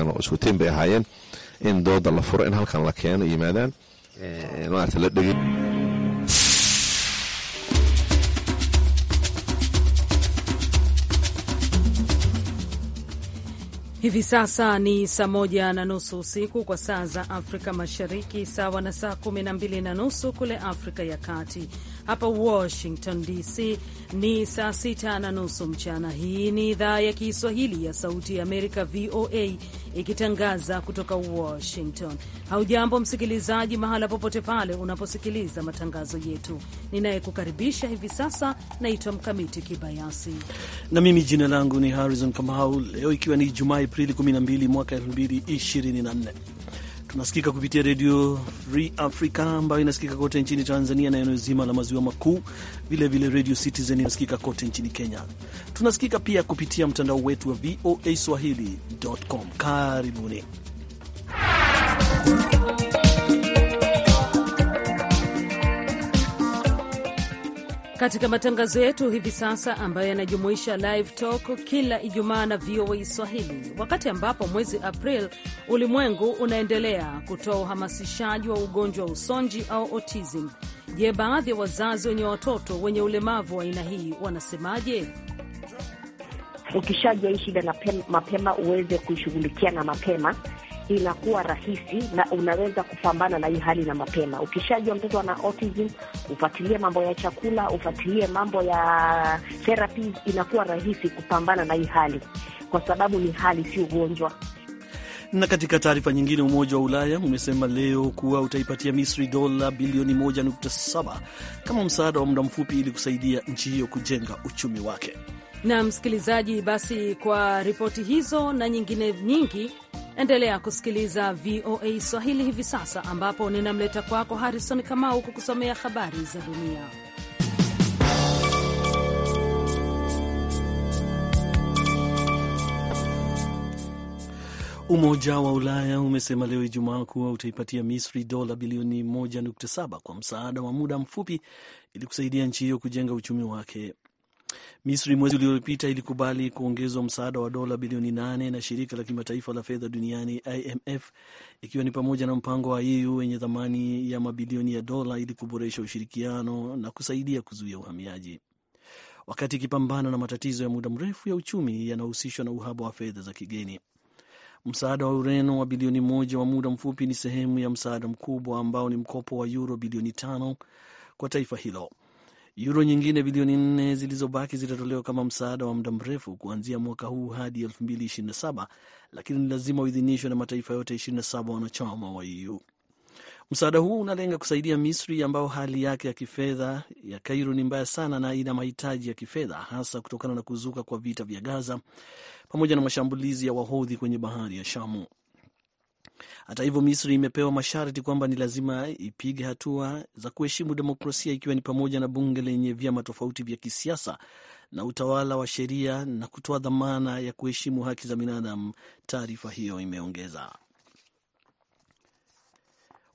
ahaayeen oo bay ahaayeen in dooda la furo in halkan la keeno yimaadaan eh, maarata la dhegin Hivi sasa ni saa moja na nusu usiku kwa saa za Afrika Mashariki, sawa na saa kumi na mbili na nusu kule Afrika ya Kati. Hapa Washington DC ni saa sita na nusu mchana. Hii ni idhaa ya Kiswahili ya Sauti ya Amerika, VOA ikitangaza kutoka Washington. Haujambo msikilizaji, mahala popote pale unaposikiliza matangazo yetu. Ninayekukaribisha hivi sasa naitwa Mkamiti Kibayasi na mimi jina langu ni Harrison Kamau. Leo ikiwa ni jumaa Aprili 12 mwaka 2024 tunasikika kupitia redio Free Africa ambayo inasikika kote nchini Tanzania na eneo zima la maziwa makuu, vilevile redio Citizen inasikika kote nchini Kenya. Tunasikika pia kupitia mtandao wetu wa VOA swahili.com. Karibuni katika matangazo yetu hivi sasa ambayo yanajumuisha live talk kila Ijumaa na VOA Swahili, wakati ambapo mwezi April ulimwengu unaendelea kutoa uhamasishaji wa ugonjwa wa usonji au autism. Je, baadhi ya wazazi wenye watoto wenye ulemavu wa aina hii wanasemaje? Ukishajua hii shida mapema uweze kuishughulikia na mapema inakuwa rahisi na unaweza kupambana na hii hali na mapema. Ukishajua mtoto ana autism, ufuatilie mambo ya chakula, ufuatilie mambo ya therapies, inakuwa rahisi kupambana na hii hali, kwa sababu ni hali, si ugonjwa. Na katika taarifa nyingine, Umoja wa Ulaya umesema leo kuwa utaipatia Misri dola bilioni 1.7 kama msaada wa muda mfupi ili kusaidia nchi hiyo kujenga uchumi wake. Na msikilizaji, basi kwa ripoti hizo na nyingine nyingi Endelea kusikiliza VOA Swahili hivi sasa, ambapo ninamleta kwako Harrison Kamau kukusomea habari za dunia. Umoja wa Ulaya umesema leo Ijumaa kuwa utaipatia Misri dola bilioni 1.7 kwa msaada wa muda mfupi ili kusaidia nchi hiyo kujenga uchumi wake. Misri mwezi uliopita ilikubali kuongezwa msaada wa dola bilioni nane na shirika la kimataifa la fedha duniani IMF, ikiwa ni pamoja na mpango wa EU wenye thamani ya mabilioni ya dola ili kuboresha ushirikiano na kusaidia kuzuia uhamiaji, wakati ikipambana na matatizo ya muda mrefu ya uchumi yanahusishwa na uhaba wa fedha za kigeni. Msaada wa Ureno wa bilioni moja wa muda mfupi ni sehemu ya msaada mkubwa ambao ni mkopo wa euro bilioni tano kwa taifa hilo. Yuro nyingine bilioni nne zilizobaki zitatolewa kama msaada wa muda mrefu kuanzia mwaka huu hadi 2027 lakini ni lazima uidhinishwe na mataifa yote 27 wanachama wa EU. Msaada huu unalenga kusaidia Misri ambayo hali yake ya kifedha ya Kairo ni mbaya sana na ina mahitaji ya kifedha hasa kutokana na kuzuka kwa vita vya Gaza pamoja na mashambulizi ya Wahodhi kwenye bahari ya Shamu. Hata hivyo, Misri imepewa masharti kwamba ni lazima ipige hatua za kuheshimu demokrasia, ikiwa ni pamoja na bunge lenye vyama tofauti vya kisiasa na utawala wa sheria na kutoa dhamana ya kuheshimu haki za binadamu, taarifa hiyo imeongeza.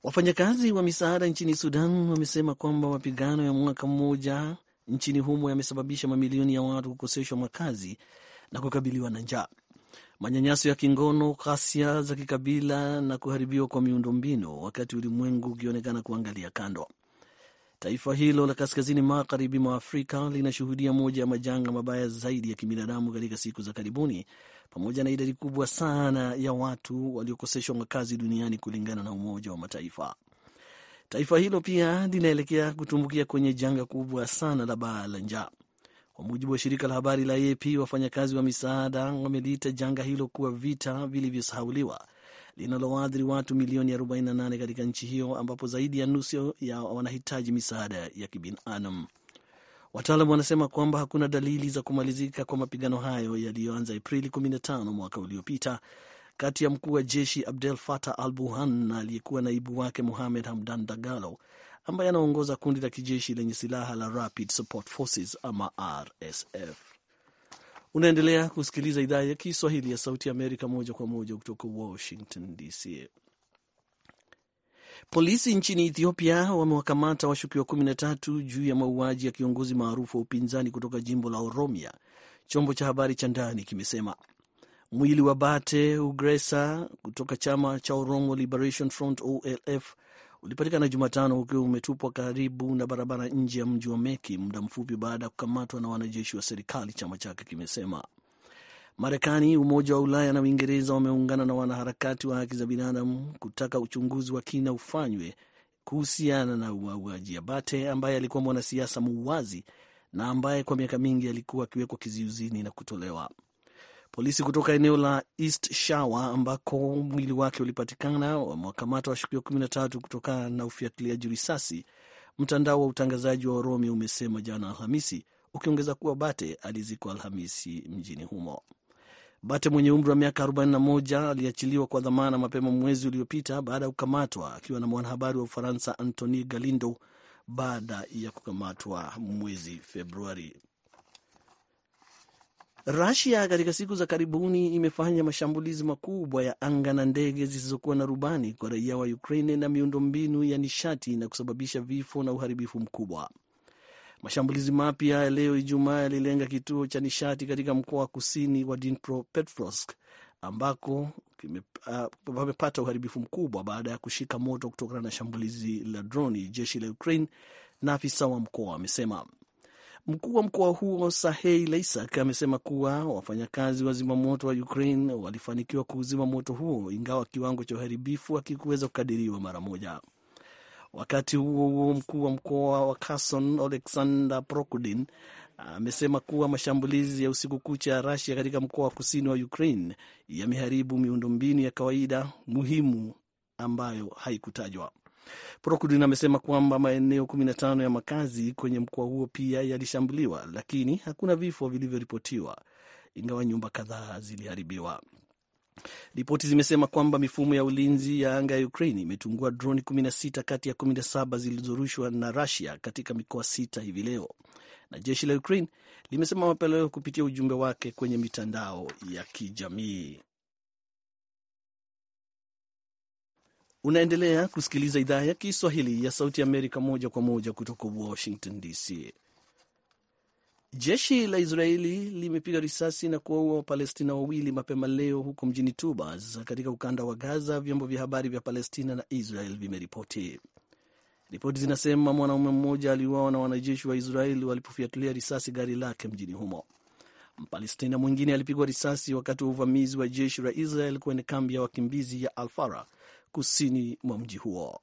Wafanyakazi wa misaada nchini Sudan wamesema kwamba mapigano ya mwaka mmoja nchini humo yamesababisha mamilioni ya watu kukoseshwa makazi na kukabiliwa na njaa manyanyaso ya kingono, ghasia za kikabila na kuharibiwa kwa miundombinu, wakati ulimwengu ukionekana kuangalia kando. Taifa hilo la kaskazini magharibi mwa Afrika linashuhudia moja ya majanga mabaya zaidi ya kibinadamu katika siku za karibuni, pamoja na idadi kubwa sana ya watu waliokoseshwa makazi duniani kulingana na Umoja wa Mataifa. Taifa hilo pia linaelekea kutumbukia kwenye janga kubwa sana la baa la njaa. Kwa mujibu wa shirika la habari la AP, wafanyakazi wa misaada wameliita janga hilo kuwa vita vilivyosahauliwa linalowaadhiri watu milioni 48 katika nchi hiyo ambapo zaidi ya nusu ya wanahitaji misaada ya kibinadamu. Wataalam wanasema kwamba hakuna dalili za kumalizika kwa mapigano hayo yaliyoanza Aprili 15 mwaka uliopita kati ya mkuu wa jeshi Abdel Fattah al Burhan na aliyekuwa naibu wake Mohamed Hamdan Dagalo ambaye anaongoza kundi la kijeshi lenye silaha la Rapid Support Forces ama RSF. Unaendelea kusikiliza idhaa ya Kiswahili ya Sauti ya Amerika moja kwa moja kutoka Washington DC. Polisi nchini Ethiopia wamewakamata washukiwa 13 juu ya mauaji ya kiongozi maarufu wa upinzani kutoka jimbo la Oromia, chombo cha habari cha ndani kimesema. Mwili wa Bate Ugresa kutoka chama cha Oromo Liberation Front OLF ulipatikana Jumatano ukiwa umetupwa karibu na barabara nje ya mji wa Meki muda mfupi baada ya kukamatwa na wanajeshi wa serikali, chama chake kimesema. Marekani, Umoja wa Ulaya na Uingereza wameungana na wanaharakati wa haki za binadamu kutaka uchunguzi wa kina ufanywe kuhusiana na uauaji abate ambaye alikuwa mwanasiasa muuazi na ambaye kwa miaka mingi alikuwa akiwekwa kizuizini na kutolewa Polisi kutoka eneo la East shawe ambako mwili wake ulipatikana wamewakamata washukiwa kumi na tatu kutokana na ufiatiliaji risasi, mtandao wa utangazaji wa Oromi umesema jana Alhamisi, ukiongeza kuwa Bate alizikwa Alhamisi mjini humo. Bate mwenye umri wa miaka 41 aliachiliwa kwa dhamana mapema mwezi uliopita baada ya kukamatwa akiwa na mwanahabari wa Ufaransa antoni Galindo baada ya kukamatwa mwezi Februari. Rusia katika siku za karibuni imefanya mashambulizi makubwa ya anga na ndege zisizokuwa na rubani kwa raia wa Ukraine na miundombinu ya nishati na kusababisha vifo na uharibifu mkubwa. Mashambulizi mapya leo Ijumaa yalilenga kituo cha nishati katika mkoa wa kusini wa Dnipropetrovsk ambako pamepata uh, uharibifu mkubwa baada ya kushika moto kutokana na shambulizi la droni, jeshi la Ukraine na afisa wa mkoa amesema. Mkuu wa mkoa huo Sahei Laisak amesema kuwa wafanyakazi wa zimamoto wa Ukraine walifanikiwa kuuzima moto huo, ingawa kiwango cha uharibifu hakikuweza kukadiriwa mara moja. Wakati huo huo, mkuu wa mkoa wa Kherson Oleksandr Prokudin amesema kuwa mashambulizi ya usiku kucha ya rasia katika mkoa wa kusini wa Ukraine yameharibu miundombinu ya kawaida muhimu ambayo haikutajwa. Prokudin amesema kwamba maeneo 15 ya makazi kwenye mkoa huo pia yalishambuliwa, lakini hakuna vifo vilivyoripotiwa, ingawa nyumba kadhaa ziliharibiwa. Ripoti zimesema kwamba mifumo ya ulinzi ya anga ya Ukraine imetungua droni 16 kati ya 17 zilizorushwa na rasia katika mikoa sita hivi leo, na jeshi la Ukraine limesema mapema leo kupitia ujumbe wake kwenye mitandao ya kijamii. Unaendelea kusikiliza idhaa ya Kiswahili ya Sauti Amerika moja kwa moja kutoka Washington DC. Jeshi la Israeli limepiga risasi na kuwaua Wapalestina wawili mapema leo huko mjini Tubas katika ukanda wa Gaza, vyombo vya habari vya Palestina na Israel vimeripoti. Ripoti zinasema mwanaume mmoja aliuawa na wanajeshi wa Israeli walipofiatulia risasi gari lake mjini humo. Mpalestina mwingine alipigwa risasi wakati wa uvamizi wa jeshi la Israel kwenye kambi ya wakimbizi ya Alfara kusini mwa mji huo.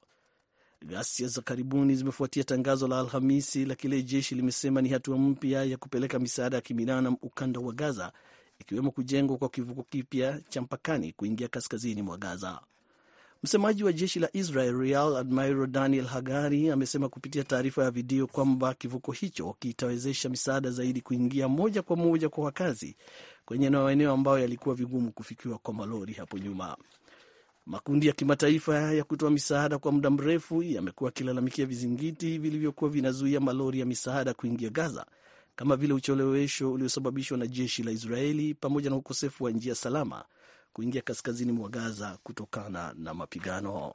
Ghasia za karibuni zimefuatia tangazo la Alhamisi la kile jeshi limesema ni hatua mpya ya kupeleka misaada ya kibinadamu ukanda wa Gaza, ikiwemo kujengwa kwa kivuko kipya cha mpakani kuingia kaskazini mwa Gaza. Msemaji wa jeshi la Israel Real Admiral Daniel Hagari amesema kupitia taarifa ya video kwamba kivuko hicho kitawezesha misaada zaidi kuingia moja kwa moja kwa wakazi kwenye maeneo ambayo yalikuwa vigumu kufikiwa kwa malori hapo nyuma. Makundi ya kimataifa ya kutoa misaada kwa muda mrefu yamekuwa yakilalamikia vizingiti vilivyokuwa vinazuia malori ya misaada kuingia Gaza, kama vile uchelewesho uliosababishwa na jeshi la Israeli pamoja na ukosefu wa njia salama kuingia kaskazini mwa Gaza kutokana na mapigano.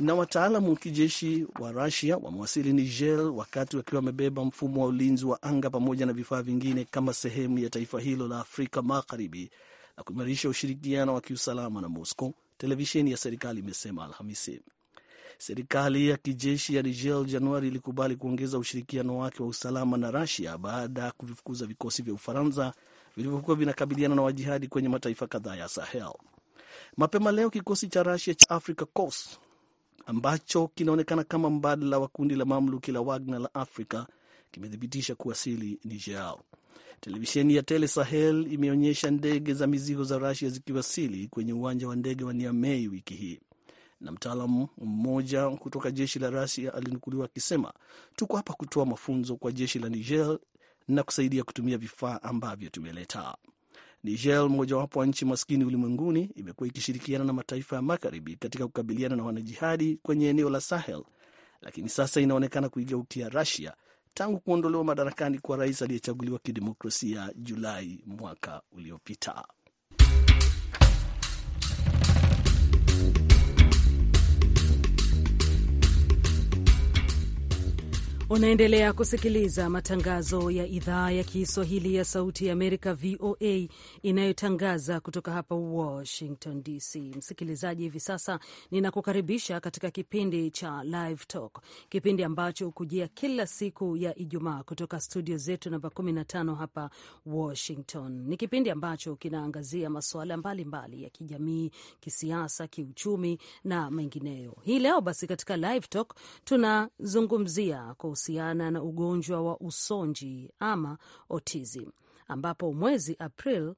Na wataalamu wa kijeshi wa Rusia wamewasili Niger wakati wakiwa wamebeba mfumo wa ulinzi wa anga pamoja na vifaa vingine kama sehemu ya taifa hilo la Afrika Magharibi na kuimarisha ushirikiano wa kiusalama na Moscow, televisheni ya serikali imesema Alhamisi. Serikali ya kijeshi ya Niger Januari ilikubali kuongeza ushirikiano wake wa usalama na rasia baada ya kuvifukuza vikosi vya Ufaransa vilivyokuwa vinakabiliana na wajihadi kwenye mataifa kadhaa ya Sahel. Mapema leo kikosi cha rusia cha Africa Corps ambacho kinaonekana kama mbadala wa kundi la mamluki la Wagner la Afrika kimethibitisha kuwasili Niger. Televisheni ya Tele Sahel imeonyesha ndege za mizigo za Rusia zikiwasili kwenye uwanja wa ndege wa Niamey wiki hii, na mtaalamu mmoja kutoka jeshi la Rusia alinukuliwa akisema, tuko hapa kutoa mafunzo kwa jeshi la Niger na kusaidia kutumia vifaa ambavyo tumeleta. Niger, mmojawapo wa nchi maskini ulimwenguni, imekuwa ikishirikiana na mataifa ya magharibi katika kukabiliana na wanajihadi kwenye eneo la Sahel, lakini sasa inaonekana kuigeukia Rusia tangu kuondolewa madarakani kwa rais aliyechaguliwa kidemokrasia Julai mwaka uliopita. Unaendelea kusikiliza matangazo ya idhaa ya Kiswahili ya Sauti ya Amerika, VOA, inayotangaza kutoka hapa Washington DC. Msikilizaji, hivi sasa ninakukaribisha katika kipindi cha Live Talk, kipindi ambacho hukujia kila siku ya Ijumaa kutoka studio zetu namba 15 hapa Washington. Ni kipindi ambacho kinaangazia masuala mbalimbali ya kijamii, kisiasa, kiuchumi na mengineyo. Hii leo basi katika Live Talk tunazungumzia kuhusiana na ugonjwa wa usonji ama autism, ambapo mwezi April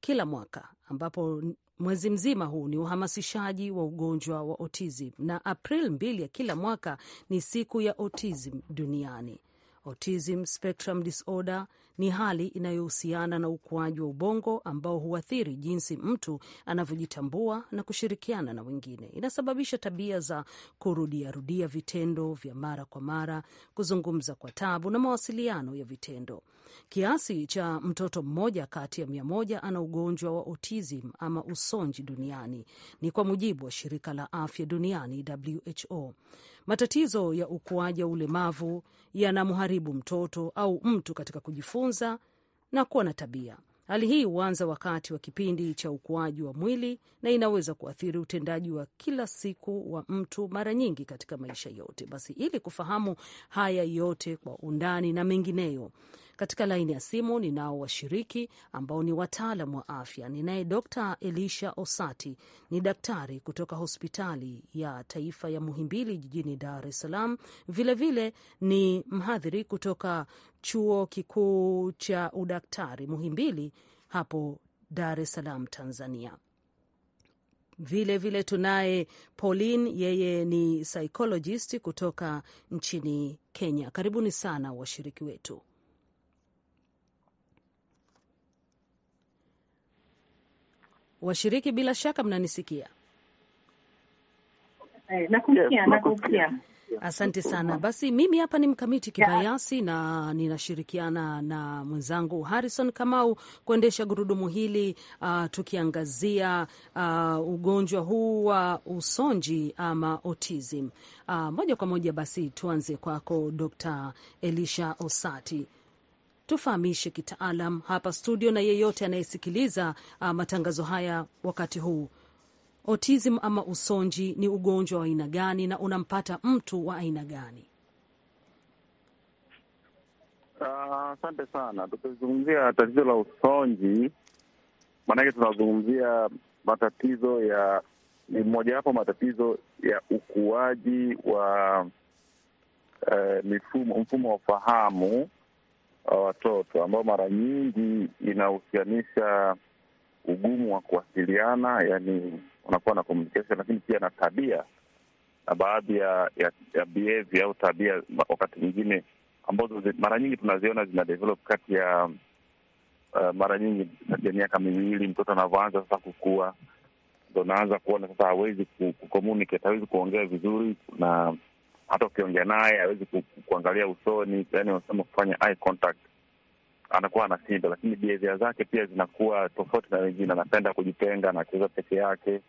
kila mwaka ambapo mwezi mzima huu ni uhamasishaji wa ugonjwa wa autism, na April mbili ya kila mwaka ni siku ya autism duniani. Autism spectrum disorder ni hali inayohusiana na ukuaji wa ubongo ambao huathiri jinsi mtu anavyojitambua na kushirikiana na wengine. Inasababisha tabia za kurudiarudia vitendo vya mara kwa mara, kuzungumza kwa tabu na mawasiliano ya vitendo. Kiasi cha mtoto mmoja kati ya mia moja ana ugonjwa wa autism ama usonji duniani, ni kwa mujibu wa shirika la afya duniani WHO. Matatizo ya ukuaji wa ulemavu yanamharibu mtoto au mtu katika kujifunza na kuwa na tabia. Hali hii huanza wakati wa kipindi cha ukuaji wa mwili na inaweza kuathiri utendaji wa kila siku wa mtu, mara nyingi katika maisha yote. Basi ili kufahamu haya yote kwa undani na mengineyo, katika laini ya simu ninao washiriki ambao ni wataalam wa afya. Ninaye Dr Elisha Osati, ni daktari kutoka hospitali ya taifa ya Muhimbili jijini Dar es Salaam, vilevile ni mhadhiri kutoka chuo kikuu cha udaktari Muhimbili hapo Dar es Salaam, Tanzania. vilevile vile tunaye Pauline, yeye ni psychologist kutoka nchini Kenya. Karibuni sana washiriki wetu. Washiriki, bila shaka mnanisikia? Eh, Asante sana. Basi mimi hapa ni mkamiti kibayasi na ninashirikiana na mwenzangu Harrison Kamau kuendesha gurudumu hili uh, tukiangazia uh, ugonjwa huu wa uh, usonji ama autism uh, moja kwa moja. Basi tuanze kwako Dr. Elisha Osati tufahamishe kitaalam hapa studio na yeyote anayesikiliza uh, matangazo haya wakati huu. Autism ama usonji ni ugonjwa wa aina gani na unampata mtu wa aina gani? Ah, asante uh, sana. Tukizungumzia tatizo la usonji, maanake tunazungumzia matatizo ya, ni mmojawapo matatizo ya ukuaji wa uh, mifumo, mfumo wa fahamu Uh, watoto ambao mara nyingi inahusianisha ugumu wa kuwasiliana, yani unakuwa na communication, lakini pia na tabia na baadhi ya, ya, ya behavior au tabia wakati mwingine ambazo mara nyingi tunaziona zina develop kati ya uh, mara nyingi kati ya miaka miwili mtoto anavyoanza sasa kukua, ndo naanza kuona sasa hawezi kucommunicate, hawezi kuongea vizuri na hata ukiongea naye hawezi ku, kuangalia usoni, yani wanasema kufanya eye contact anakuwa anashinda, lakini behavior zake pia zinakuwa tofauti na wengine. Anapenda kujitenga, anacheza peke yake,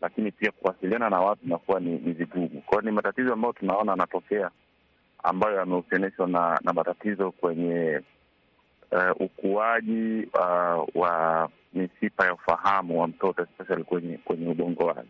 lakini pia kuwasiliana na watu inakuwa ni, ni vigumu. Kwa hiyo ni matatizo ambayo tunaona anatokea ambayo yamehusianishwa na, na matatizo kwenye uh, ukuaji uh, wa mishipa ya ufahamu wa mtoto especially kwenye kwenye ubongo wake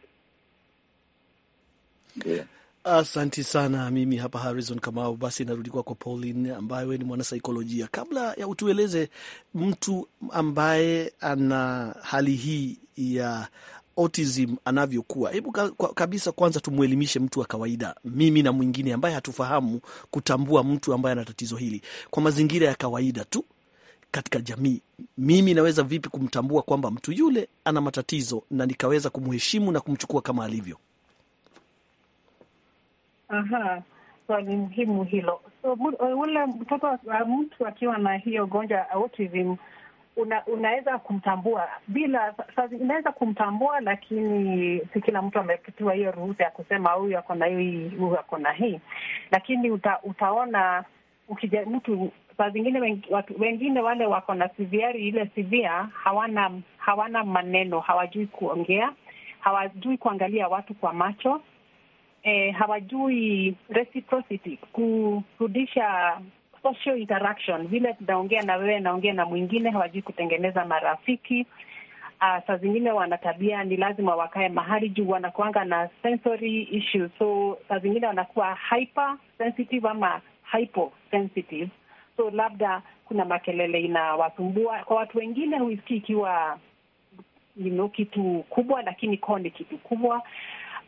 yeah. Asanti sana. Mimi hapa Harrison Kamau. Basi narudi kwako Pauline, ambaye wewe ni mwanasaikolojia. Kabla ya utueleze, mtu ambaye ana hali hii ya autism anavyokuwa, hebu kabisa kwanza tumwelimishe mtu wa kawaida, mimi na mwingine ambaye hatufahamu kutambua mtu ambaye ana tatizo hili kwa mazingira ya kawaida tu katika jamii, mimi naweza vipi kumtambua kwamba mtu yule ana matatizo na nikaweza kumheshimu na kumchukua kama alivyo? Aha, swali so, muhimu hilo. So eh, ule mtoto mtu akiwa na hiyo gonjwa ya autism una, unaweza kumtambua bila, unaweza kumtambua lakini si kila mtu amepitiwa hiyo ruhusa ya kusema huyu ako na hii, huyu ako na hii, lakini uta, utaona ukija mtu saa zingine wengine wale wako na siviari ile sivia hawana hawana maneno, hawajui kuongea, hawajui kuangalia watu kwa macho eh, hawajui reciprocity, kurudisha social interaction, vile tunaongea na wewe, naongea na mwingine, hawajui kutengeneza marafiki. Uh, saa zingine wana tabia, ni lazima wakae mahali juu wanakuanga na sensory issues, so saa zingine wanakuwa hyper sensitive ama hyposensitive, so labda kuna makelele inawasumbua. Kwa watu wengine huisikii ikiwa you know, kitu kubwa, lakini kwao ni kitu kubwa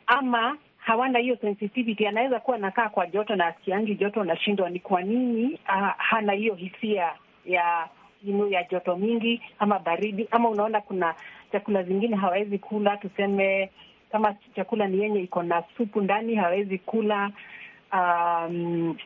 ama hawana hiyo sensitivity. Anaweza kuwa anakaa kwa joto na asiangi joto, unashindwa ni kwa nini ah, hana hiyo hisia ya inu ya joto mingi ama baridi. Ama unaona kuna chakula zingine hawawezi kula, tuseme kama chakula ni yenye iko na supu ndani hawawezi kula um,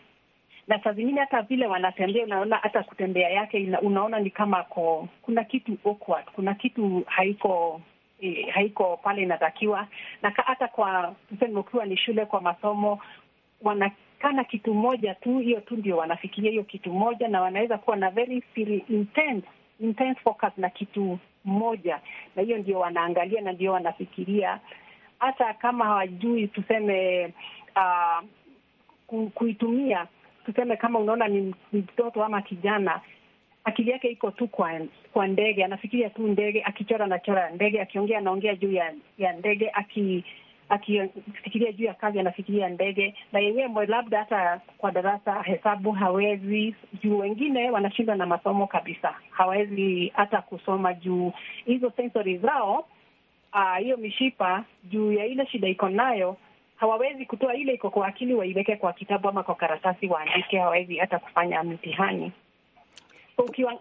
na saa zingine hata vile wanatembea, unaona hata kutembea yake, unaona ni kama ko, kuna kitu awkward, kuna kitu haiko e, haiko pale inatakiwa, na hata kwa tuseme, ukiwa ni shule kwa masomo wanakana kitu moja tu, hiyo tu ndio wanafikiria hiyo kitu moja, na wanaweza kuwa na very intense, intense focus na kitu moja, na hiyo ndio wanaangalia na ndio wanafikiria, hata kama hawajui tuseme uh, kuitumia tuseme, kama unaona ni mtoto ama kijana akili yake iko tu kwa kwa ndege, anafikiria tu ndege, akichora anachora ndege, akiongea anaongea juu ya ya ndege, aki akifikiria juu ya kazi anafikiria ndege. Na yenyewe labda hata kwa darasa hesabu hawezi, juu wengine wanashindwa na masomo kabisa, hawawezi hata kusoma juu hizo sensory zao, ah, hiyo uh, mishipa juu ya ile shida iko nayo hawawezi kutoa ile iko kwa akili waiweke kwa kitabu ama kwa karatasi waandike, hawawezi hata kufanya mitihani ukiwa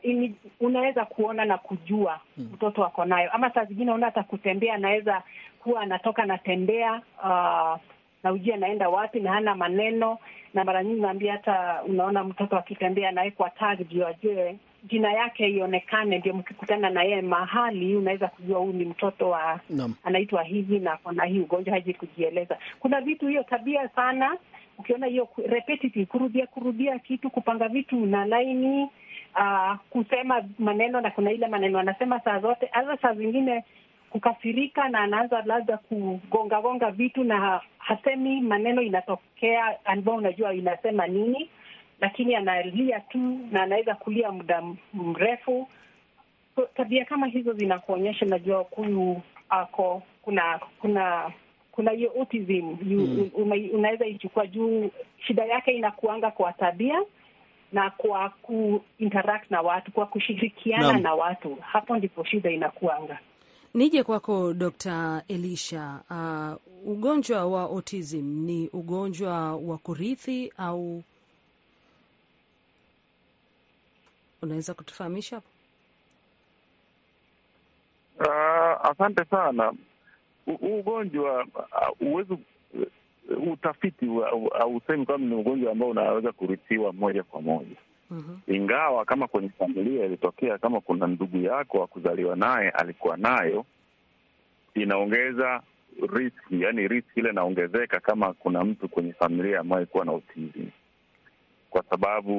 unaweza kuona na kujua hmm. mtoto ako nayo, ama saa zingine una hata kutembea, anaweza kuwa anatoka anatembea uh, na ujui anaenda wapi na hana maneno. Na mara nyingi naambia hata unaona mtoto akitembea anawekwa tag juu ajue jina yake ionekane, ndio mkikutana na yeye mahali unaweza kujua huyu ni mtoto wa no. anaitwa hivi na kona hii ugonjwa, haji kujieleza. Kuna vitu hiyo tabia sana, ukiona hiyo repetitive, kurudia kurudia kitu, kupanga vitu na laini uh, kusema maneno na kuna ile maneno anasema saa zote, hata saa zingine kukasirika, na anaanza labda kugongagonga vitu na hasemi maneno inatokea ambao unajua inasema nini, lakini analia tu na anaweza kulia muda mrefu. So, tabia kama hizo zinakuonyesha najua huyu ako kuna kuna kuna hiyo autism, mm. unaweza ichukua juu, shida yake inakuanga kwa tabia na kwa kuinteract na watu, kwa kushirikiana na watu, hapo ndipo shida inakuanga. Nije kwako Dr. Elisha. Uh, ugonjwa wa autism ni ugonjwa wa kurithi au unaweza kutufahamisha hapo? Uh, asante sana. U ugonjwa uh, huwezi uh, Uh, utafiti hausemi kwamba ni ugonjwa ambao unaweza kurithiwa moja kwa moja. Mm -hmm. Ingawa kama kwenye familia ilitokea, kama kuna ndugu yako wa kuzaliwa naye alikuwa nayo, inaongeza riski, yani riski ile inaongezeka kama kuna mtu kwenye familia ambaye kuwa na autism, kwa sababu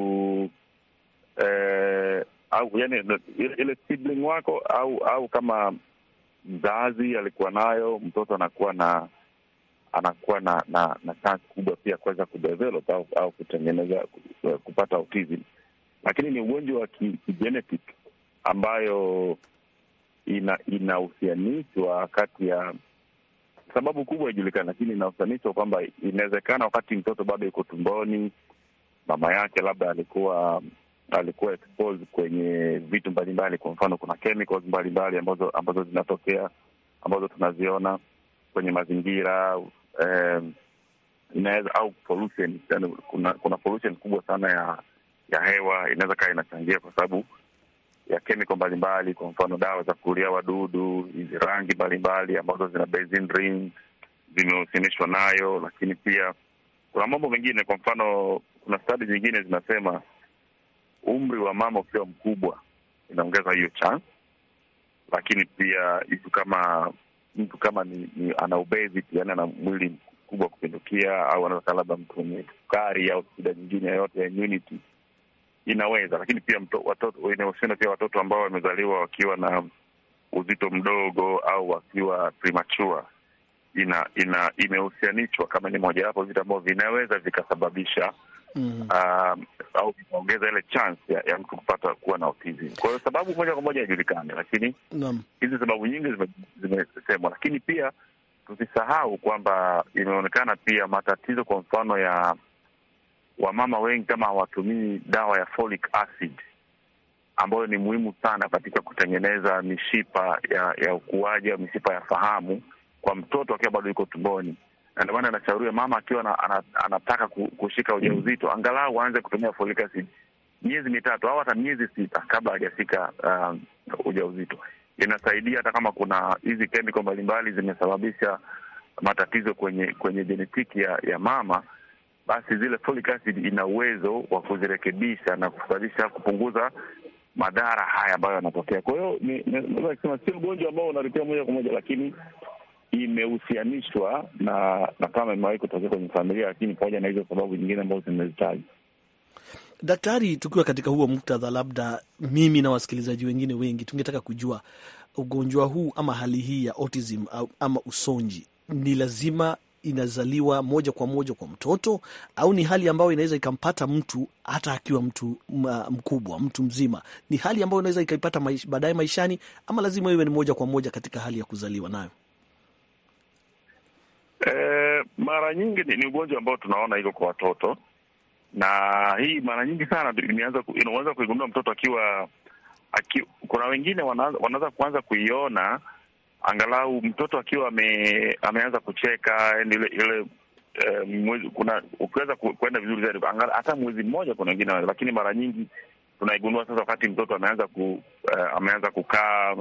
eh, au yani ile sibling wako au au kama mzazi alikuwa nayo, mtoto anakuwa na anakuwa na na na chance kubwa pia kuweza kudevelop au, au kutengeneza eh, kupata autism, lakini ni ugonjwa wa kigenetic ambayo ina inahusianishwa kati ya sababu kubwa haijulikani, lakini inahusianishwa kwamba inawezekana wakati mtoto bado yuko tumboni, mama yake labda alikuwa alikuwa exposed kwenye vitu mbalimbali. Kwa mfano, kuna chemicals mbalimbali ambazo ambazo zinatokea ambazo tunaziona kwenye mazingira, eh, inaweza au pollution, yani kuna kuna pollution kubwa sana ya ya hewa inaweza kaa inachangia kwa sababu ya kemiko mbalimbali, kwa mfano dawa za kuulia wadudu, hizi rangi mbalimbali ambazo zina benzene ring zimehusinishwa nayo, lakini pia kuna mambo mengine. Kwa mfano, kuna stadi zingine zinasema umri wa mama ukiwa mkubwa inaongeza hiyo chance, lakini pia vitu kama mtu kama ni, ni ana obesity, yani ana mwili mkubwa kupindukia, au anaweza labda mtu mwenye sukari au shida nyingine yoyote ya immunity inaweza. Lakini pia mto, watoto inahusiana pia watoto ambao wamezaliwa wakiwa na uzito mdogo au wakiwa premature ina, ina imehusianishwa kama ni mojawapo vitu ambavyo vinaweza vikasababisha mm uh, au kuongeza ile chance ya, ya mtu kupata kuwa na autism. Kwa hiyo sababu moja kwa moja haijulikani, lakini hizi sababu nyingi zimesemwa zime, lakini pia tusisahau kwamba imeonekana pia matatizo kwa mfano ya wamama wengi kama hawatumii dawa ya folic acid ambayo ni muhimu sana katika kutengeneza mishipa ya, ya ukuaji au mishipa ya fahamu kwa mtoto akiwa bado yuko tumboni na ndio maana anashauriwa mama akiwa anataka kushika ujauzito angalau aanze kutumia folic acid miezi mitatu au hata miezi sita kabla hajafika uh, ujauzito. Inasaidia hata kama kuna hizi kemiko mbalimbali zimesababisha matatizo kwenye kwenye jenetiki ya, ya mama, basi zile folic acid ina uwezo wa kuzirekebisha na kusababisha kupunguza madhara haya ambayo yanatokea. Kwa hiyo naweza kusema sio ugonjwa ambao unaripia moja kwa moja, lakini imehusianishwa na na kama imewahi kutokea kwenye familia, lakini pamoja na hizo sababu nyingine ambazo zimezitaja. Daktari, tukiwa katika huo muktadha, labda mimi na wasikilizaji wengine wengi tungetaka kujua ugonjwa huu ama hali hii ya autism ama usonji ni lazima inazaliwa moja kwa moja kwa mtoto au ni hali ambayo inaweza ikampata mtu hata akiwa mtu mkubwa, mtu mzima? Ni hali ambayo inaweza ikaipata baadaye maishani ama lazima iwe ni moja kwa moja katika hali ya kuzaliwa nayo? E, mara nyingi ni, ni ugonjwa ambao tunaona iko kwa watoto, na hii mara nyingi sana inaweza kuigundua mtoto akiwa aki, kuna wengine wanaweza kuanza kuiona angalau mtoto akiwa ame, ameanza kucheka ile ile eh, mwezi kuna ukiweza kuenda vizuri zaidi hata mwezi mmoja, kuna wengine lakini mara nyingi tunaigundua sasa wakati mtoto ameanza ku, uh, ameanza kukaa,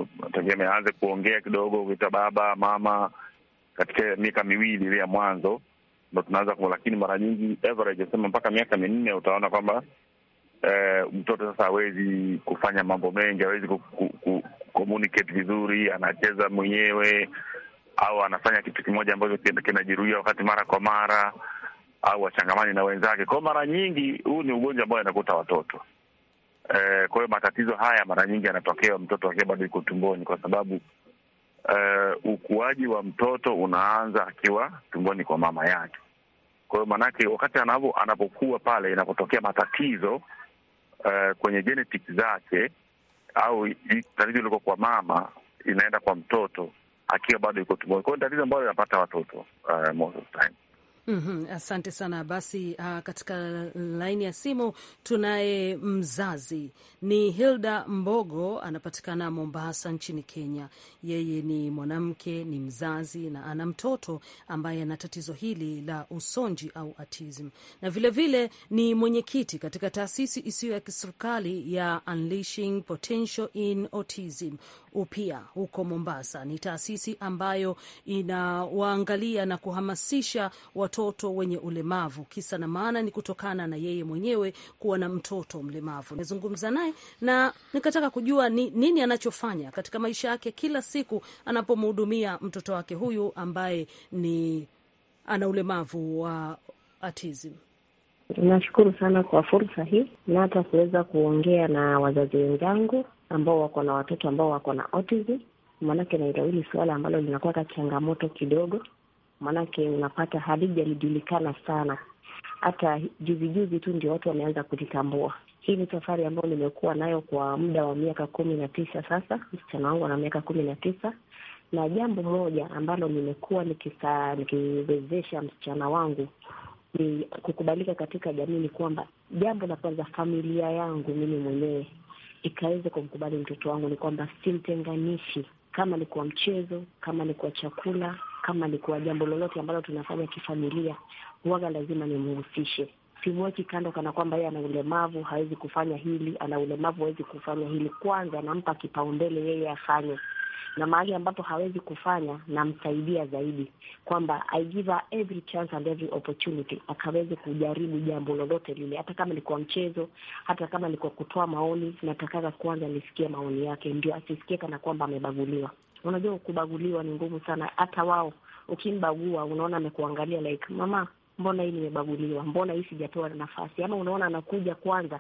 aanze kuongea kidogo, kuita baba mama, katika miaka miwili ile ya mwanzo ndo tunaanza ku, lakini mara nyingi average asema mpaka miaka minne utaona kwamba eh, mtoto sasa hawezi kufanya mambo mengi, hawezi ku, communicate vizuri, anacheza mwenyewe au anafanya kitu kimoja ambacho kinajirudia wakati mara kwa mara au achangamani na wenzake. Kwa mara nyingi huu ni ugonjwa ambao anakuta watoto e, kwa hiyo matatizo haya mara nyingi yanatokea mtoto akiwa bado iko tumboni, kwa sababu uh, ukuaji wa mtoto unaanza akiwa tumboni kwa mama yake. Kwa hiyo maanake wakati anapo, anapokuwa pale inapotokea matatizo uh, kwenye genetics zake au tatizo liko kwa mama inaenda kwa mtoto akiwa bado yuko tumboni. Kwa hiyo tatizo ambalo inapata watoto uh, most of time Mm -hmm, asante sana basi. Uh, katika laini ya simu tunaye mzazi ni Hilda Mbogo, anapatikana Mombasa nchini Kenya. Yeye ni mwanamke, ni mzazi na ana mtoto ambaye ana tatizo hili la usonji au autism, na vilevile vile ni mwenyekiti katika taasisi isiyo ya kiserikali ya Unleashing Potential in Autism upya huko Mombasa. Ni taasisi ambayo inawaangalia na kuhamasisha watoto wenye ulemavu. Kisa na maana ni kutokana na yeye mwenyewe kuwa na mtoto mlemavu. Nimezungumza naye na nikataka kujua ni nini anachofanya katika maisha yake kila siku anapomhudumia mtoto wake huyu ambaye ni ana ulemavu wa autism. Nashukuru sana kwa fursa hii na hata kuweza kuongea na wazazi wenzangu ambao wako na watoto ambao wako na autism, maanake naenda hili suala ambalo linakuwa changamoto kidogo, maanake unapata halijalijulikana sana, hata juzijuzi tu ndio watu wameanza kulitambua. Hii ni safari ambayo nimekuwa nayo kwa muda wa miaka kumi na tisa sasa. Msichana wangu ana miaka kumi na tisa na jambo moja ambalo nimekuwa nikiwezesha msichana wangu ni kukubalika katika jamii ni kwamba jambo la kwanza, familia yangu mimi mwenyewe ikaweze kumkubali mtoto wangu, ni kwamba simtenganishi, kama ni kwa mchezo, kama ni kwa chakula, kama ni kwa jambo lolote ambalo tunafanya kifamilia, huwaga lazima nimhusishe. Simweki kando kana kwamba yeye ana ulemavu hawezi kufanya hili, ana ulemavu hawezi kufanya hili. Kwanza anampa kipaumbele yeye afanye na mahali ambapo hawezi kufanya, namsaidia zaidi kwamba I give her every chance and every opportunity, akaweze kujaribu jambo lolote lile, hata kama ni kwa mchezo, hata kama ni kwa kutoa maoni. Natakaza kwanza nisikie maoni yake, ndio asisikie kana kwamba amebaguliwa. Unajua, kubaguliwa ni ngumu sana. Hata wao ukimbagua, unaona amekuangalia like mama, mbona hii nimebaguliwa? Mbona hii sijapewa nafasi? Ama unaona anakuja kwanza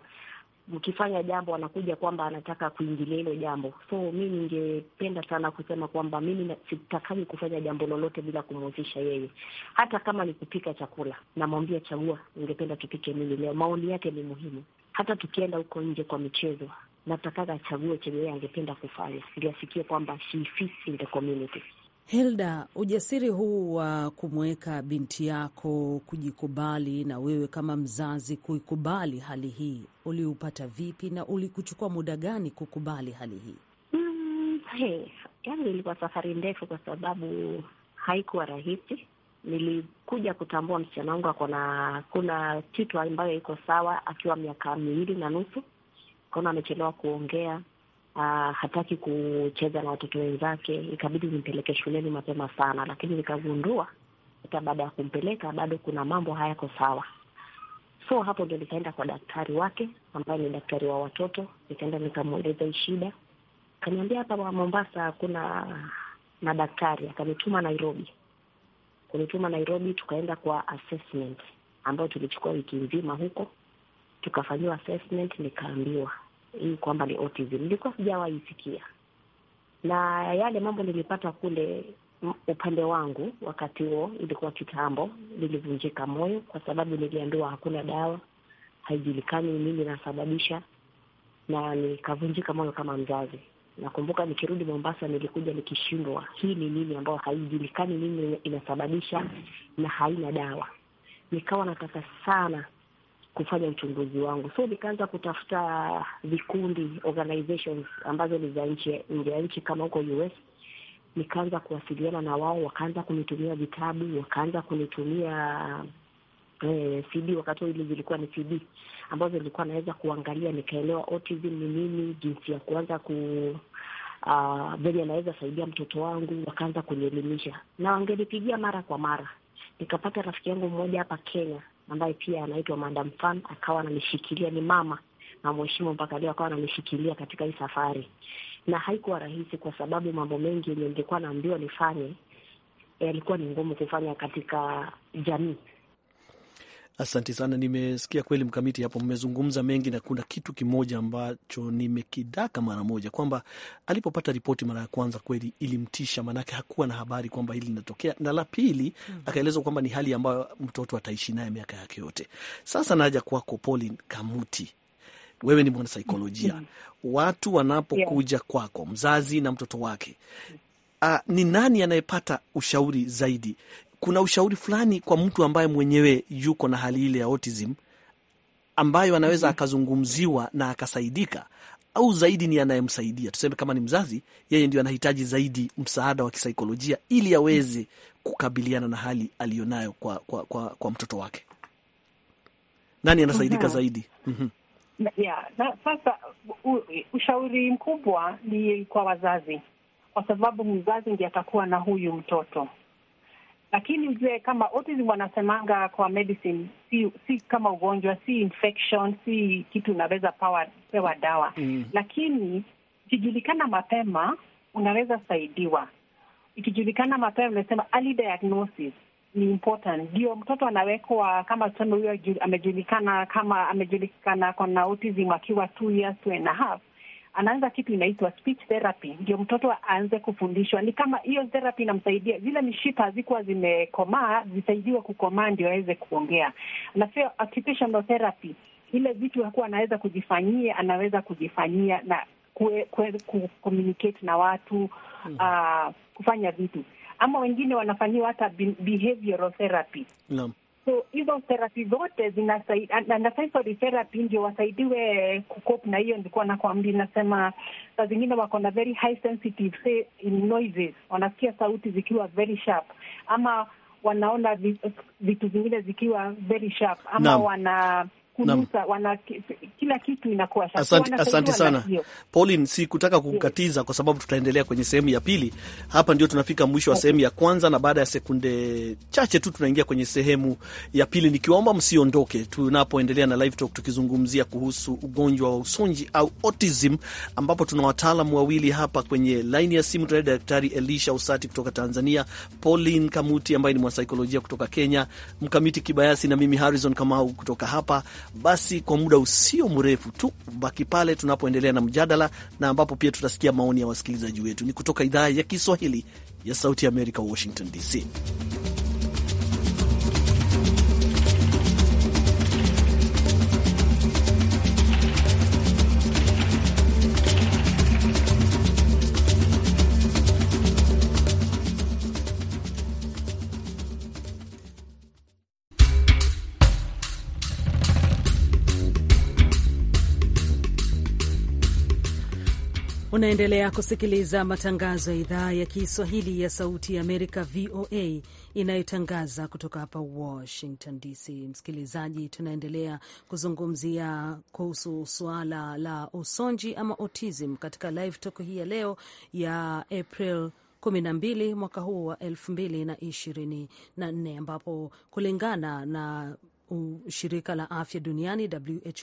ukifanya jambo anakuja kwamba anataka kuingilia hilo jambo. So mi ningependa sana kusema kwamba mimi sitakaji kufanya jambo lolote bila kumhusisha yeye, hata kama ni kupika chakula. Namwambia chagua, ningependa tupike nini leo. Maoni yake ni muhimu. Hata tukienda huko nje kwa michezo, natakaga achague chenye yeye angependa kufanya, ndio asikie kwamba she fits in the community. Hilda, ujasiri huu wa kumweka binti yako kujikubali na wewe kama mzazi kuikubali hali hii uliupata vipi, na ulikuchukua muda gani kukubali hali hii? Mm, hey, yani ilikuwa safari ndefu kwa sababu haikuwa rahisi. Nilikuja kutambua msichana wangu akona kuna kitu ambayo iko sawa akiwa miaka miwili na nusu, kaona amechelewa kuongea Uh, hataki kucheza na watoto wenzake, ikabidi nimpeleke shuleni mapema sana, lakini nikagundua hata baada ya kumpeleka bado kuna mambo hayako sawa. So hapo ndio nikaenda kwa daktari wake ambaye ni daktari wa watoto, nikaenda nikamweleza hii shida. Akaniambia hapa Mombasa hakuna madaktari, akanituma Nairobi. Kunituma Nairobi, tukaenda kwa assessment ambayo tulichukua wiki nzima huko, tukafanyiwa assessment, nikaambiwa hii kwamba ni autism, nilikuwa sijawaisikia, na yale mambo nilipata kule upande wangu wakati huo ilikuwa kitambo, nilivunjika moyo kwa sababu niliambiwa hakuna dawa, haijulikani nini nasababisha, na nikavunjika moyo kama mzazi. Nakumbuka nikirudi Mombasa nilikuja nikishindwa, hii ni nini ambayo haijulikani nini inasababisha na haina dawa. Nikawa nataka sana kufanya uchunguzi wangu. So nikaanza kutafuta vikundi organizations ambazo ni za nchi nje ya nchi kama huko US. Nikaanza kuwasiliana na wao, wakaanza kunitumia vitabu, wakaanza kunitumia eh, CD. Wakati hili zilikuwa ni CD ambazo nilikuwa naweza kuangalia, nikaelewa autism ni nini, jinsi ya kuanza ku uh, venye naweza saidia mtoto wangu. Wakaanza kunielimisha na wangenipigia mara kwa mara. Nikapata rafiki yangu mmoja hapa Kenya ambaye pia anaitwa Madam Fan akawa ananishikilia, ni mama na mheshimu mpaka leo, akawa ananishikilia katika hii safari, na haikuwa rahisi kwa sababu mambo mengi yenye nilikuwa naambiwa nifanye yalikuwa eh, ni ngumu kufanya katika jamii Asante sana, nimesikia kweli mkamiti hapo, mmezungumza mengi na kuna kitu kimoja ambacho nimekidaka mara moja, kwamba alipopata ripoti mara ya kwanza kweli ilimtisha, maanake hakuwa na habari kwamba hili linatokea, na la pili mm -hmm. akaelezwa kwamba ni hali ambayo mtoto ataishi naye miaka yake yote. Sasa naja kwako Pauline Kamuti, wewe ni mwanasaikolojia mm -hmm. watu wanapokuja yeah. kwako mzazi na mtoto wake Uh, ni nani anayepata ushauri zaidi? kuna ushauri fulani kwa mtu ambaye mwenyewe yuko na hali ile ya autism ambayo anaweza mm -hmm. akazungumziwa na akasaidika, au zaidi ni anayemsaidia? Tuseme kama ni mzazi, yeye ndio anahitaji zaidi msaada wa kisaikolojia ili aweze kukabiliana na hali aliyonayo kwa, kwa, kwa, kwa mtoto wake. Nani anasaidika mm -hmm. zaidi? mm -hmm. Yeah, na sasa u, ushauri mkubwa ni kwa wazazi, kwa sababu mzazi ndiye atakuwa na huyu mtoto lakini zile kama autism wanasemanga kwa medicine, si si kama ugonjwa, si infection, si kitu unaweza pewa dawa mm. Lakini ikijulikana mapema unaweza saidiwa. Ikijulikana mapema, unasema early diagnosis ni important, ndio mtoto anawekwa kama tuseme huyo amejulikana kama amejulikana kona autism akiwa two years two and a half anaanza kitu inaitwa speech therapy, ndio mtoto aanze kufundishwa. Ni kama hiyo therapy inamsaidia, zile mishipa hazikuwa zimekomaa, zisaidiwe kukomaa ndio aweze kuongea. Na sio occupational therapy, ile vitu hakuwa anaweza kujifanyia, anaweza kujifanyia na kucommunicate na watu mm. Uh, kufanya vitu ama wengine wanafanyiwa hata behavioral therapy no so hizo therapy zote zinasai therapy ndio wasaidiwe kukop na hiyo. Ndikuwa nakwambia, nasema saa zingine wako na very high sensitive say in noises, wanasikia sauti zikiwa very sharp ama wanaona vitu zingine zikiwa very sharp ama no. wana kunusa, wana kila kitu inakuwa asante, asante sana Pauline, sikutaka kukatiza kwa sababu tutaendelea kwenye sehemu ya pili. Hapa ndio tunafika mwisho wa sehemu ya kwanza, na baada ya sekunde chache tu tunaingia kwenye sehemu ya pili, nikiwaomba msiondoke tunapoendelea na live talk tukizungumzia kuhusu ugonjwa wa usonji au autism, ambapo tuna wataalamu wawili hapa kwenye laini ya simu. Tunaye Daktari Elisha Usati kutoka Tanzania, Pauline Kamuti ambaye ni mwanasaikolojia kutoka Kenya, Mkamiti Kibayasi na mimi Harrison Kamau kutoka hapa basi kwa muda usio mrefu tu, baki pale tunapoendelea na mjadala na ambapo pia tutasikia maoni ya wasikilizaji wetu. Ni kutoka idhaa ya Kiswahili ya Sauti ya Amerika, Washington DC. Unaendelea kusikiliza matangazo ya idhaa ya Kiswahili ya Sauti ya Amerika, VOA, inayotangaza kutoka hapa Washington DC. Msikilizaji, tunaendelea kuzungumzia kuhusu suala la usonji ama autism katika live talk hii ya leo ya April 12 mwaka huu wa 2024 ambapo kulingana na shirika la afya duniani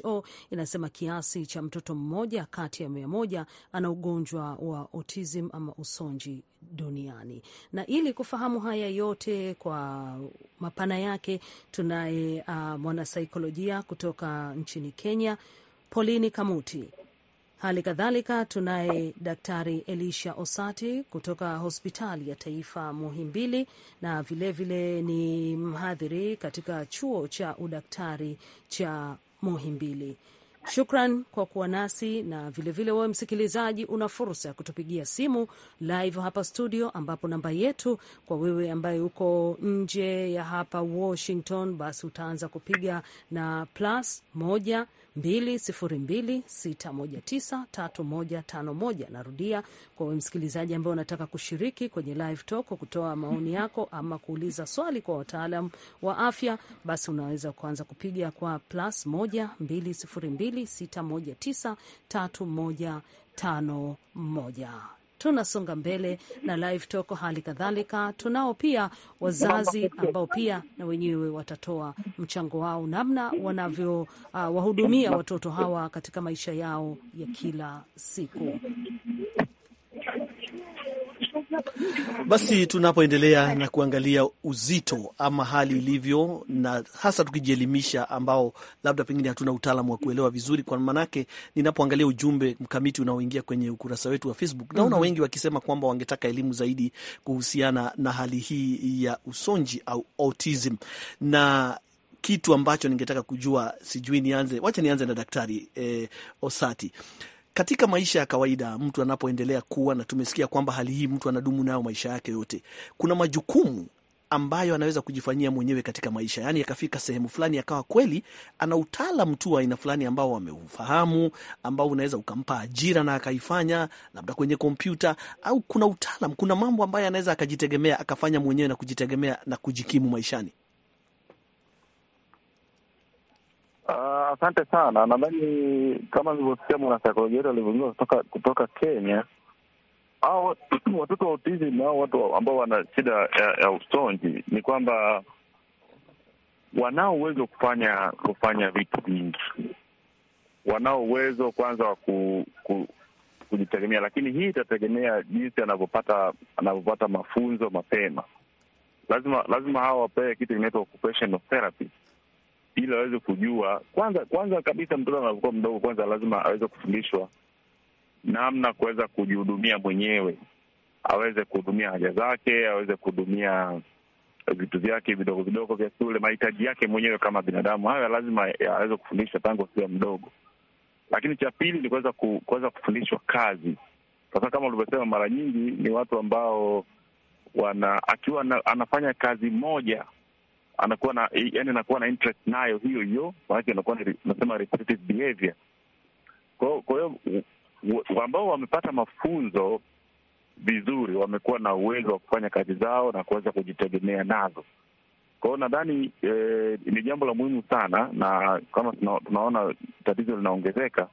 WHO inasema kiasi cha mtoto mmoja kati ya mia moja ana ugonjwa wa autism ama usonji duniani. Na ili kufahamu haya yote kwa mapana yake, tunaye uh, mwanasaikolojia kutoka nchini Kenya, Pauline Kamuti. Hali kadhalika tunaye Daktari Elisha Osati kutoka hospitali ya taifa Muhimbili, na vilevile vile ni mhadhiri katika chuo cha udaktari cha Muhimbili. Shukran kwa kuwa nasi na vilevile, wewe msikilizaji, una fursa ya kutupigia simu live hapa studio, ambapo namba yetu kwa wewe ambaye uko nje ya hapa Washington, basi utaanza kupiga na plus moja 2026193151. Narudia kwa we msikilizaji ambaye unataka kushiriki kwenye live talk kwa kutoa maoni yako ama kuuliza swali kwa wataalam wa afya, basi unaweza kuanza kupiga kwa plus 12026193151 tunasonga mbele na live talk. Hali kadhalika tunao pia wazazi ambao pia na wenyewe watatoa mchango wao, namna wanavyowahudumia ah, uh, watoto hawa katika maisha yao ya kila siku. Basi tunapoendelea na kuangalia uzito ama hali ilivyo, na hasa tukijielimisha, ambao labda pengine hatuna utaalamu wa kuelewa vizuri, kwa manake ninapoangalia ujumbe mkamiti unaoingia kwenye ukurasa wetu wa Facebook naona mm -hmm. wengi wakisema kwamba wangetaka elimu zaidi kuhusiana na hali hii ya usonji au autism na kitu ambacho ningetaka kujua, sijui nianze, wacha nianze na Daktari eh, Osati katika maisha ya kawaida mtu anapoendelea kuwa na, tumesikia kwamba hali hii mtu anadumu nayo maisha yake yote, kuna majukumu ambayo anaweza kujifanyia mwenyewe katika maisha, yaani akafika sehemu fulani akawa kweli ana utaalam tu wa aina fulani ambao ameufahamu, ambao unaweza ukampa ajira na akaifanya labda kwenye kompyuta, au kuna utaalam, kuna mambo ambayo anaweza akajitegemea akafanya mwenyewe na kujitegemea na kujikimu maishani. Ah, asante uh, sana. Nadhani kama nilivyosema na saikolojia yetu kutoka kutoka Kenya, au watoto wa autism au watu ambao wana shida ya, ya usonji ni kwamba wanao uwezo kufanya kufanya vitu vingi, wanao uwezo kwanza wa ku, ku, kujitegemea, lakini hii itategemea jinsi anavyopata anavyopata mafunzo mapema. Lazima lazima hawa wapewe kitu kinaitwa occupational therapy ili aweze kujua kwanza. Kwanza kabisa mtoto anapokuwa mdogo, kwanza lazima aweze kufundishwa namna kuweza kujihudumia mwenyewe, aweze kuhudumia haja zake, aweze kuhudumia vitu vyake vidogo vidogo vya shule, mahitaji yake mwenyewe kama binadamu. Haya lazima aweze kufundishwa tangu akiwa mdogo. Lakini cha pili ni kuweza ku, kuweza kufundishwa kazi. Sasa kama ulivyosema, mara nyingi ni watu ambao wana akiwa na, anafanya kazi moja anakuwa na yani, anakuwa na interest nayo hiyo hiyo, maanake anakuwa nasema repetitive behavior. Kwa hiyo ambao wamepata mafunzo vizuri, wamekuwa na uwezo wa kufanya kazi zao na kuweza kujitegemea nazo. Kwa hiyo nadhani eh, ni jambo la muhimu sana, na kama tunaona tatizo linaongezeka,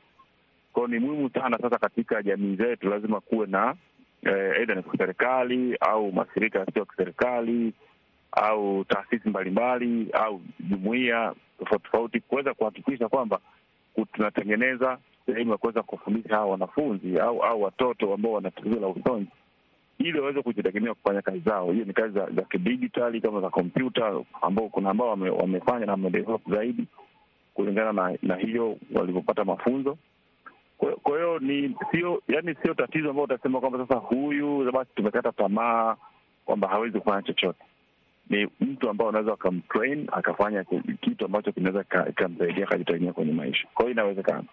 kwa hiyo ni muhimu sana sasa katika jamii zetu lazima kuwe na eh, aidha eh, ni serikali au mashirika yasiyo ya kiserikali au taasisi mbalimbali au jumuia tofauti tofauti kuweza kuhakikisha kwamba tunatengeneza sehemu ya kuweza kufundisha hawa wanafunzi au au watoto ambao wana tatizo la usonji ili waweze kujitegemea kufanya kazi zao. Hiyo ni kazi za, za kidijitali kama za kompyuta, ambao kuna ambao wame, wamefanya na wamedevelop zaidi kulingana na, na hiyo walivyopata mafunzo. Kwa hiyo ni sio yani, sio tatizo ambao utasema kwamba sasa huyu basi tumekata tamaa kwamba hawezi kufanya chochote ni mtu ambaye unaweza ukamtrain akafanya kitu ambacho kinaweza kikamsaidia akajitegemea kwenye maisha. Kwa hiyo inawezekana.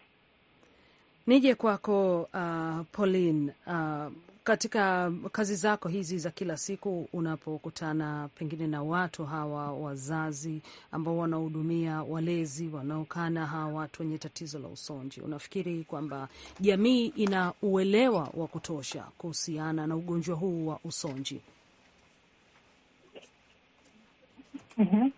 Nije kwako uh, Pauline, uh, katika kazi zako hizi za kila siku unapokutana pengine na watu hawa wazazi ambao wanahudumia walezi wanaokaa na hawa watu wenye tatizo la usonji, unafikiri kwamba jamii ina uelewa wa kutosha kuhusiana na ugonjwa huu wa usonji? mm mm-hmm.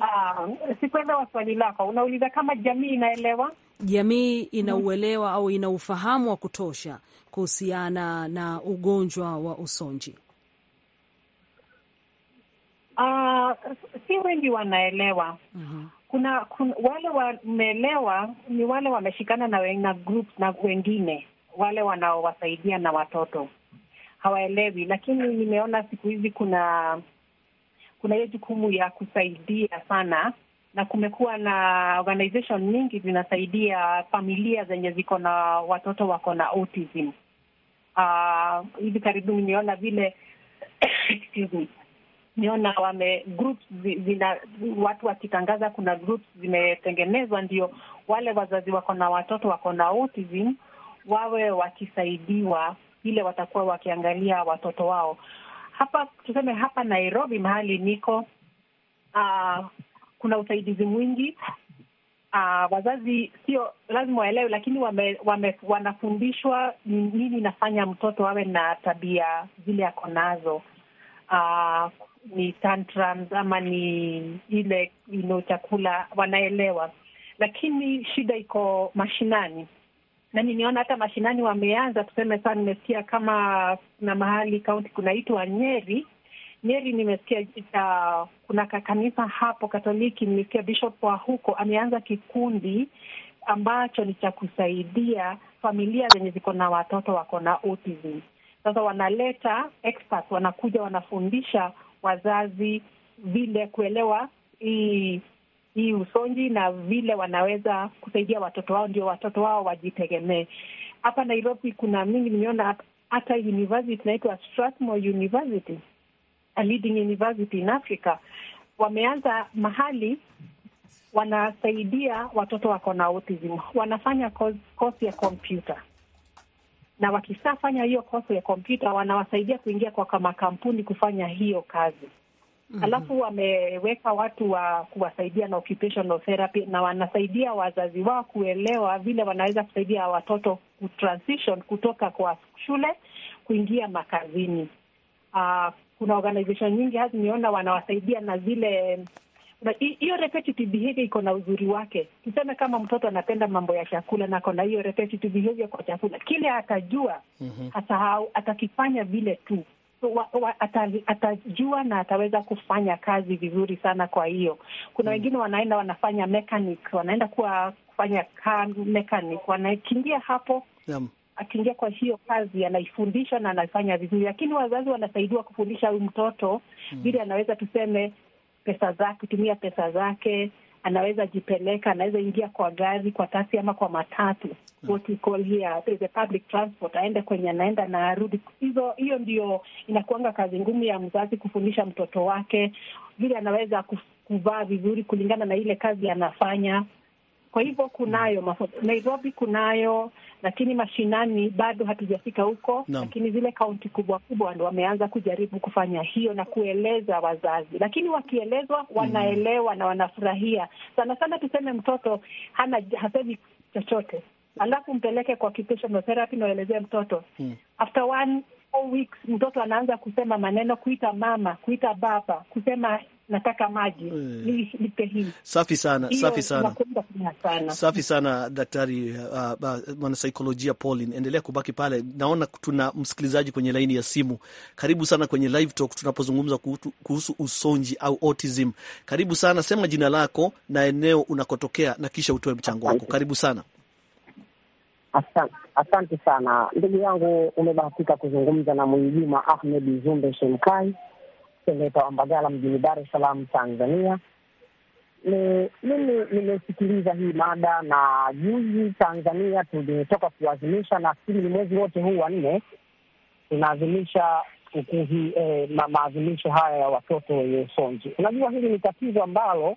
Uh, ah, sikuelewa swali lako, unauliza kama jamii inaelewa, jamii inauelewa mm-hmm. au ina ufahamu wa kutosha kuhusiana na ugonjwa wa usonji? Uh, si wengi wanaelewa. mm-hmm. Kuna, kuna wale wameelewa ni wale wameshikana na, wengine, group na wengine wale wanaowasaidia na watoto hawaelewi, lakini nimeona siku hizi kuna kuna hiyo jukumu ya kusaidia sana, na kumekuwa na organization nyingi zinasaidia familia zenye ziko na watoto wako na autism. Uh, hivi karibuni nimeona vile excuse me niona wame groups zina watu wakitangaza, kuna groups zimetengenezwa ndio wale wazazi wako na watoto wako na wawe wakisaidiwa, ile watakuwa wakiangalia watoto wao hapa tuseme hapa Nairobi mahali niko, uh, kuna usaidizi mwingi uh, wazazi sio lazima waelewe, lakini wame, wame, wanafundishwa nini inafanya mtoto awe na tabia zile ako nazo uh, ni tantrums ama ni ile ino chakula, wanaelewa, lakini shida iko mashinani na niniona hata mashinani wameanza tuseme, saa nimesikia kama kuna mahali kaunti kunaitwa Nyeri. Nyeri nimesikia uh, kuna kakanisa hapo Katoliki, nimesikia bishop wa huko ameanza kikundi ambacho ni cha kusaidia familia zenye ziko na watoto wako na autism. Sasa wanaleta expert, wanakuja wanafundisha wazazi vile kuelewa hii hii usonji na vile wanaweza kusaidia watoto wao, ndio watoto wao wajitegemee. Hapa Nairobi kuna mingi nimeona, hata university inaitwa Strathmore University, a leading university in Africa, wameanza mahali wanasaidia watoto wako na autism, wanafanya kosi ya kompyuta na wakishafanya hiyo kosi ya kompyuta wanawasaidia kuingia kwa makampuni kufanya hiyo kazi. -hmm. Alafu wameweka watu wa kuwasaidia na occupational therapy, na wanasaidia wazazi wao kuelewa vile wanaweza kusaidia watoto kutransition kutoka kwa shule kuingia makazini. Uh, kuna organization nyingi hasa nimeona wanawasaidia na zile hiyo repetitive behavior iko na uzuri wake. Tuseme kama mtoto anapenda mambo ya chakula na kona hiyo repetitive behavior kwa chakula kile, atajua mm -hmm. atakifanya vile tu wa, wa, atajua na ataweza kufanya kazi vizuri sana. Kwa hiyo kuna hmm. wengine wanaenda wanafanya mechanic, wanaenda kuwa kufanya car mechanic, wanakimbia hapo yeah. Akiingia kwa hiyo kazi anaifundishwa na anafanya vizuri, lakini wazazi wanasaidiwa kufundisha huyu mtoto hmm. vile mm. anaweza tuseme, pesa zake, kutumia pesa zake anaweza jipeleka, anaweza ingia kwa gari, kwa tasi ama kwa matatu, what call here public transport, aende kwenye anaenda na arudi. Hizo hiyo ndio inakuanga kazi ngumu ya mzazi kufundisha mtoto wake vile anaweza kuvaa vizuri kulingana na ile kazi anafanya kwa hivyo kunayo mm. Nairobi, kunayo lakini mashinani bado hatujafika huko no. Lakini zile kaunti kubwa kubwa ndo wameanza kujaribu kufanya hiyo na kueleza wazazi, lakini wakielezwa mm. wanaelewa mm. na wanafurahia sana sana. Tuseme mtoto hana hasemi chochote, alafu mpeleke kwa occupational therapy naelezee mtoto mm. after one four weeks mtoto anaanza kusema maneno, kuita mama, kuita baba, kusema nataka maji eh. nilipe hii. Safi sana, safi sana, safi sana daktari, uh, uh, mwanasaikolojia Pauline, endelea kubaki pale. Naona tuna msikilizaji kwenye laini ya simu. Karibu sana kwenye live talk tunapozungumza kuhusu usonji au autism. Karibu sana, sema jina lako na eneo unakotokea na kisha utoe mchango wako. Karibu sana. Asante, asante sana ndugu yangu, umebahatika kuzungumza na Mwijuma Ahmed Zumbe Shemkai seneta wa Mbagala mjini Dar es Salaam, Tanzania. mimi nimesikiliza hii mada, na juzi Tanzania tulitoka kuadhimisha, na fikiri ni mwezi wote huu wa nne tunaadhimisha sikukuu hii eh, ma, maadhimisho haya ya watoto wenye usonji. Unajua, hili ni tatizo ambalo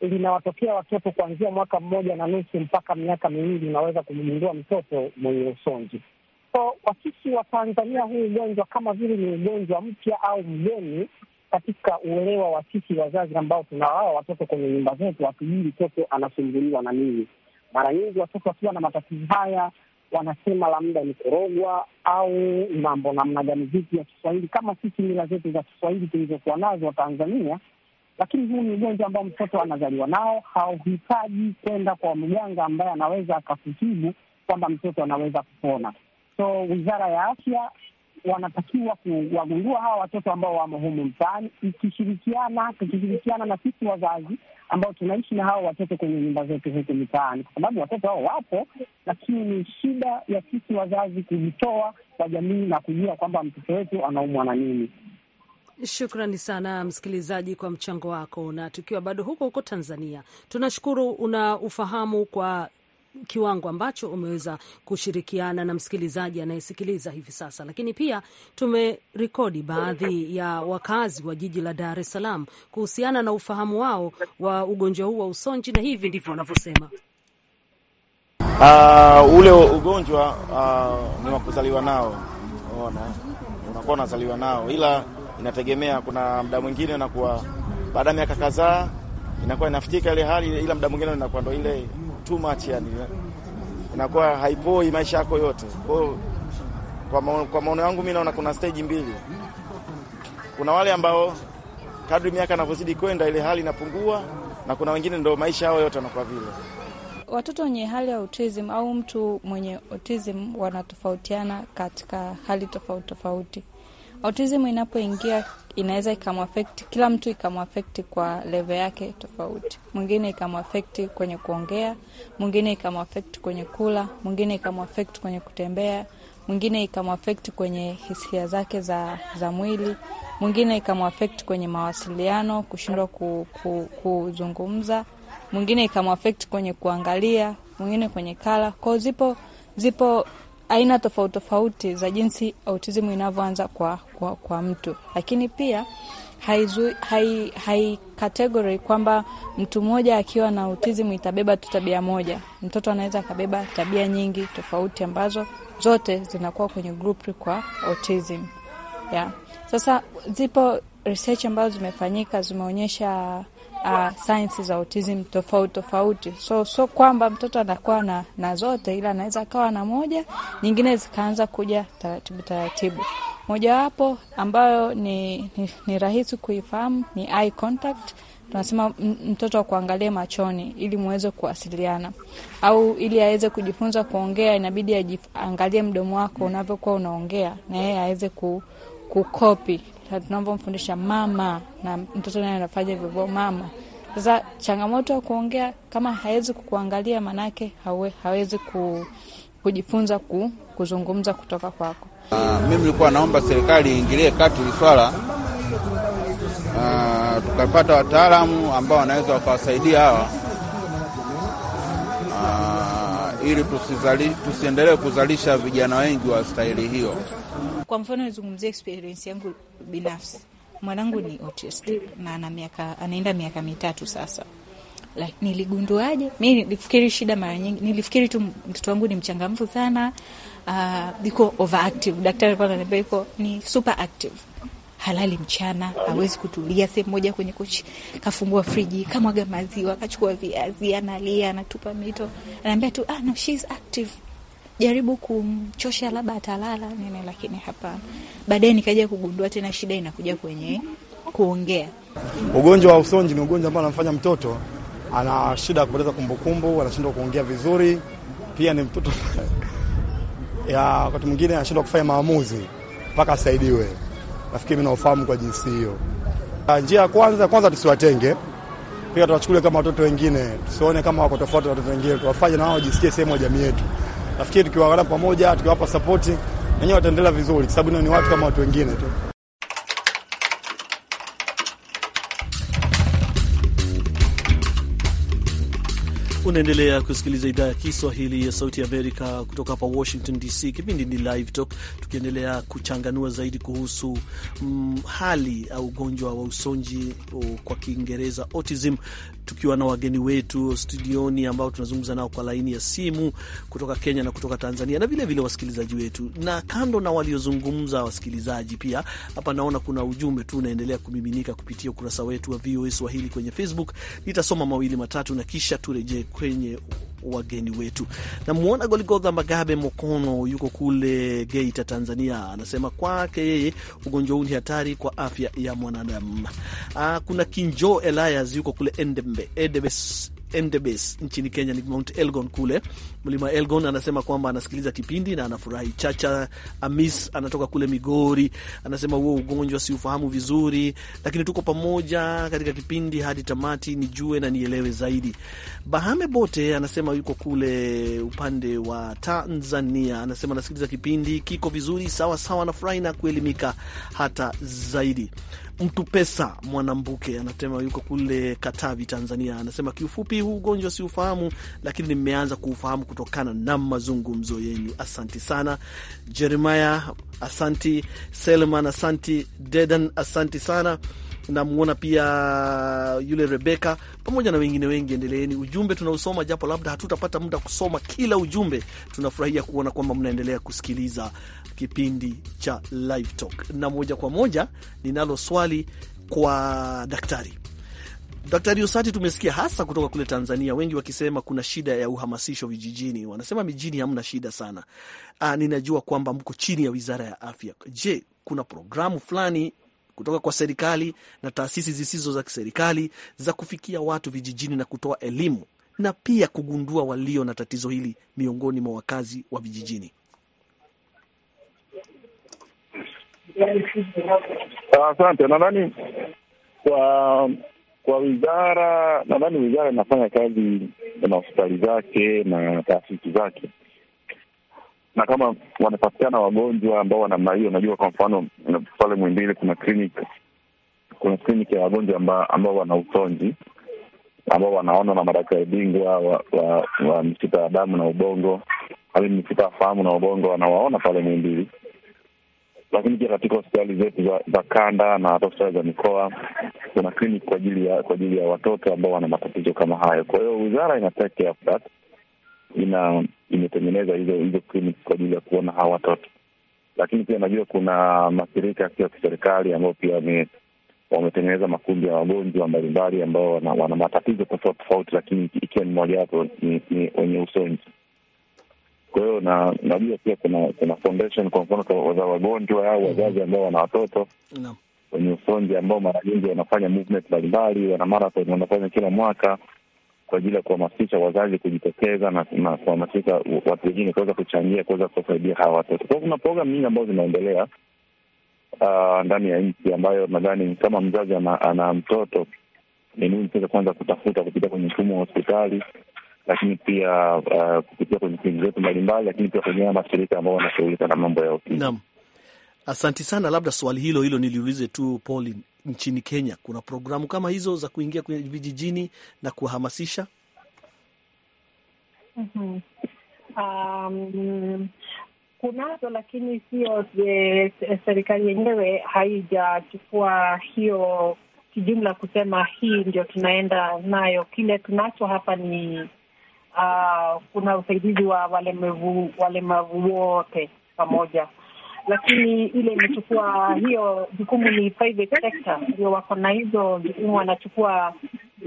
linawatokea watoto kuanzia mwaka mmoja na nusu mpaka miaka miwili. Unaweza kumgundua mtoto mwenye usonji So wasisi wa Tanzania, huu ugonjwa kama vile ni ugonjwa mpya au mgeni katika uelewa wa sisi wazazi ambao tunawawa watoto kwenye nyumba zetu, hatujui mtoto anasumbuliwa na nini. Mara nyingi watoto wakiwa na matatizo haya wanasema labda ni korogwa au mambo namna gani, vipi ya Kiswahili kama sisi mila zetu za Kiswahili tulizokuwa nazo tanzania Lakini huu ni ugonjwa ambao mtoto anazaliwa nao, hauhitaji kwenda kwa mganga ambaye anaweza akakutibu kwamba mtoto anaweza kupona. So wizara ya afya wanatakiwa kuwagundua hawa watoto ambao wamo humu mtaani, ikishirikiana tukishirikiana na sisi wazazi ambao tunaishi na hawa watoto kwenye nyumba zetu huku mitaani, kwa sababu watoto hao wapo, lakini ni shida ya sisi wazazi kujitoa kwa jamii na kujua kwamba mtoto wetu anaumwa na nini. Shukrani sana msikilizaji kwa mchango wako. Na tukiwa bado huko huko Tanzania, tunashukuru una ufahamu kwa kiwango ambacho umeweza kushirikiana na msikilizaji anayesikiliza hivi sasa, lakini pia tumerekodi baadhi ya wakazi wa jiji la Dar es Salaam kuhusiana na ufahamu wao wa ugonjwa huu wa usonji, na hivi ndivyo wanavyosema. Uh, ule ugonjwa uh, ah, ni wa kuzaliwa nao, unaona, unakuwa unazaliwa nao, ila inategemea. Kuna mda mwingine unakuwa baada ya miaka kadhaa inakuwa inafitika ile hali, ila mda mwingine inakuwa ndo ile too much, yani inakuwa haipoi maisha yako yote. Kwa maono, kwa maono yangu mimi naona kuna stage mbili. Kuna wale ambao kadri miaka inavyozidi kwenda ile hali inapungua, na kuna wengine ndio maisha yao yote wanakuwa vile. Watoto wenye hali ya autism au mtu mwenye autism wanatofautiana katika hali tofauti tofauti autism inapoingia inaweza ikamwafekti kila mtu, ikamwafekti kwa leve yake tofauti. Mwingine ikamwafekti kwenye kuongea, mwingine ikamwafekti kwenye kula, mwingine ikamwafekti kwenye kutembea, mwingine ikamwafekti kwenye hisia zake za, za mwili, mwingine ikamwafekti kwenye mawasiliano, kushindwa ku, ku, kuzungumza, mwingine ikamwafekti kwenye kuangalia, mwingine kwenye kala kwao. Zipo zipo aina tofauti tofauti za jinsi autism inavyoanza kwa, kwa, kwa mtu, lakini pia haikategori hai, hai kategori kwamba mtu mmoja akiwa na autism itabeba tu tabia moja. Mtoto anaweza akabeba tabia nyingi tofauti ambazo zote zinakuwa kwenye grupu kwa autism yeah. Sasa zipo research ambazo zimefanyika zimeonyesha uh, ah, sayansi za autism tofauti tofauti. So so kwamba mtoto anakuwa na, na zote, ila anaweza akawa na moja, nyingine zikaanza kuja taratibu taratibu. Mojawapo ambayo ni, ni, ni rahisi kuifahamu ni eye contact tunasema mtoto akuangalie machoni ili muweze kuwasiliana, au ili aweze kujifunza kuongea, inabidi aangalie mdomo wako unavyokuwa unaongea, na yeye aweze kukopi tunavyomfundisha mama, na mtoto naye anafanya hivyo mama. Sasa changamoto ya kuongea kama hawezi kukuangalia, manake hawe, hawezi ku, kujifunza ku, kuzungumza kutoka kwako. Uh, mimi nilikuwa naomba serikali iingilie kati hili swala uh, tukapata wataalamu ambao wanaweza wakawasaidia hawa uh, ili tusiendelee kuzalisha vijana wengi wa stahili hiyo. Kwa mfano nizungumzie experience yangu binafsi, mwanangu ni autistic na ana miaka anaenda miaka mitatu sasa. Like, niligunduaje? Mi nilifikiri shida mara nyingi, nilifikiri tu mtoto wangu ni mchangamfu sana, iko ah, uh, overactive. Daktari pale ananiambia iko ni super active, halali mchana, hawezi kutulia sehemu moja kwenye kochi, kafungua friji, kamwaga maziwa, kachukua viazi, analia, anatupa mito, anaambia tu ah, no, she's active jaribu kumchosha, labda atalala nini, lakini hapana. Baadaye nikaja kugundua tena shida inakuja kwenye kuongea. Ugonjwa wa usonji ni ugonjwa ambao anamfanya mtoto ana shida ya kupoteza kumbukumbu, anashindwa kuongea vizuri, pia ni mtoto ya wakati mwingine anashindwa kufanya maamuzi mpaka asaidiwe. Nafikiri mimi naofahamu kwa jinsi hiyo. Ah, njia ya kwanza kwanza, tusiwatenge pia, tuwachukulie kama watoto wengine, tusione kama wako tofauti na watoto wengine, tuwafanye na wao wajisikie sehemu ya jamii yetu nafikiri tukiwaangalia pamoja, tukiwapa sapoti wenyewe wataendelea vizuri, kwa sababu ni watu kama watu wengine tu. Unaendelea kusikiliza idhaa ya Kiswahili ya Sauti ya Amerika kutoka hapa Washington DC. Kipindi ni Live Talk, tukiendelea kuchanganua zaidi kuhusu mm, hali au ugonjwa wa usonji oh, kwa Kiingereza autism, tukiwa na wageni wetu studioni ambao tunazungumza nao kwa laini ya simu kutoka Kenya na kutoka Tanzania na vilevile wasikilizaji wetu. Na kando na waliozungumza wasikilizaji, pia hapa naona kuna ujumbe tu unaendelea kumiminika kupitia ukurasa wetu wa VOA Swahili kwenye Facebook. Nitasoma mawili matatu na kisha turejee kwenye wageni wetu. Namwona Goligodha Magabe Mokono yuko kule Geita, Tanzania, anasema kwake yeye ugonjwa huu ni hatari kwa afya ya mwanadamu. Ah, kuna Kinjo Elias yuko kule Endebes, Endebes nchini Kenya, ni Mount Elgon kule Mlima Elgon anasema kwamba anasikiliza kipindi na anafurahi. Chacha Amis anatoka kule Migori anasema huo ugonjwa siufahamu vizuri, lakini tuko pamoja katika kipindi hadi tamati, nijue na nielewe zaidi. Bahame Bote anasema yuko kule upande wa Tanzania, anasema anasikiliza kipindi kiko vizuri, sawa sawa, anafurahi na kuelimika hata zaidi. Mtu Pesa Mwanambuke anasema yuko kule Katavi, Tanzania, anasema kiufupi, huu ugonjwa siufahamu, lakini nimeanza kuufahamu kutokana na mazungumzo yenyu Asanti sana Jeremaya, asanti Selman, asanti Dedan, asanti sana namwona pia yule Rebeka pamoja na wengine wengi. Endeleeni ujumbe tunausoma, japo labda hatutapata muda kusoma kila ujumbe. Tunafurahia kuona kwamba mnaendelea kusikiliza kipindi cha Live Talk, na moja kwa moja ninalo swali kwa daktari Daktari Usati, tumesikia hasa kutoka kule Tanzania, wengi wakisema kuna shida ya uhamasisho vijijini. Wanasema mijini hamna shida sana. Aa, ah, ninajua kwamba mko chini ya wizara ya afya. Je, kuna programu fulani kutoka kwa serikali na taasisi zisizo za kiserikali za kufikia watu vijijini na kutoa elimu na pia kugundua walio na tatizo hili miongoni mwa wakazi wa vijijini? Asante. Nadhani kwa kwa wizara, nadhani wizara inafanya kazi na hospitali zake na taasisi zake, na kama wanapatikana wagonjwa ambao wana hiyo, unajua, kwa mfano pale Mwimbili kuna kliniki, kuna kliniki ya wagonjwa ambao wana utonji ambao wanaona na madaktari bingwa wa, wa, wa mishipa ya damu na ubongo, hali mishipa ya fahamu na ubongo, wanawaona pale Mwimbili lakini pia katika hospitali zetu za, za kanda na hata hospitali za mikoa kuna kliniki kwa ajili ya kwa ajili ya watoto ambao wana matatizo kama hayo. Kwa hiyo wizara ina take care of that, ina imetengeneza hizo hizo kliniki kwa ajili ya kuona hawa watoto, lakini pia najua kuna mashirika yasio ya kiserikali ambayo pia wametengeneza makundi ya wagonjwa mbalimbali ambao wana, wana matatizo tofauti tofauti, lakini ikiwa ni mojawapo ni wenye usonji kwa hiyo na najua pia kuna kuna foundation kwa mfano za wagonjwa au mm-hmm. wazazi ambao wana watoto wenye usonji ambao mara nyingi wanafanya movement mbalimbali, wana marathon wanafanya kila mwaka kwa ajili ya kuhamasisha wazazi kujitokeza na na kuhamasisha watu wengine kuweza kuchangia kuweza kuwasaidia hawa watoto. Kwa kuna programu nyingi ambazo zinaendelea uh, ndani ya nchi ambayo nadhani kama mzazi ana, ana mtoto ni muhimu kuweza kwanza kutafuta kupita kwenye mfumo wa hospitali lakini pia uh, kupitia kwenye timu zetu mbalimbali, lakini pia kwenye mashirika ambao wanashughulika na mambo ya ukimwi. Naam, sana. Labda swali hilo hilo niliulize tu Pauline, nchini Kenya kuna programu kama hizo za kuingia kwenye vijijini na kuwahamasisha? Mm-hmm. Um, kunazo lakini sio eh, serikali yenyewe haijachukua hiyo kijumla kusema hii ndio tunaenda nayo. Kile tunacho hapa ni uh, kuna usaidizi wa walemavu walemavu wote pamoja, lakini ile imechukua hiyo jukumu ni private sector ndio wako na hizo jukumu, wanachukua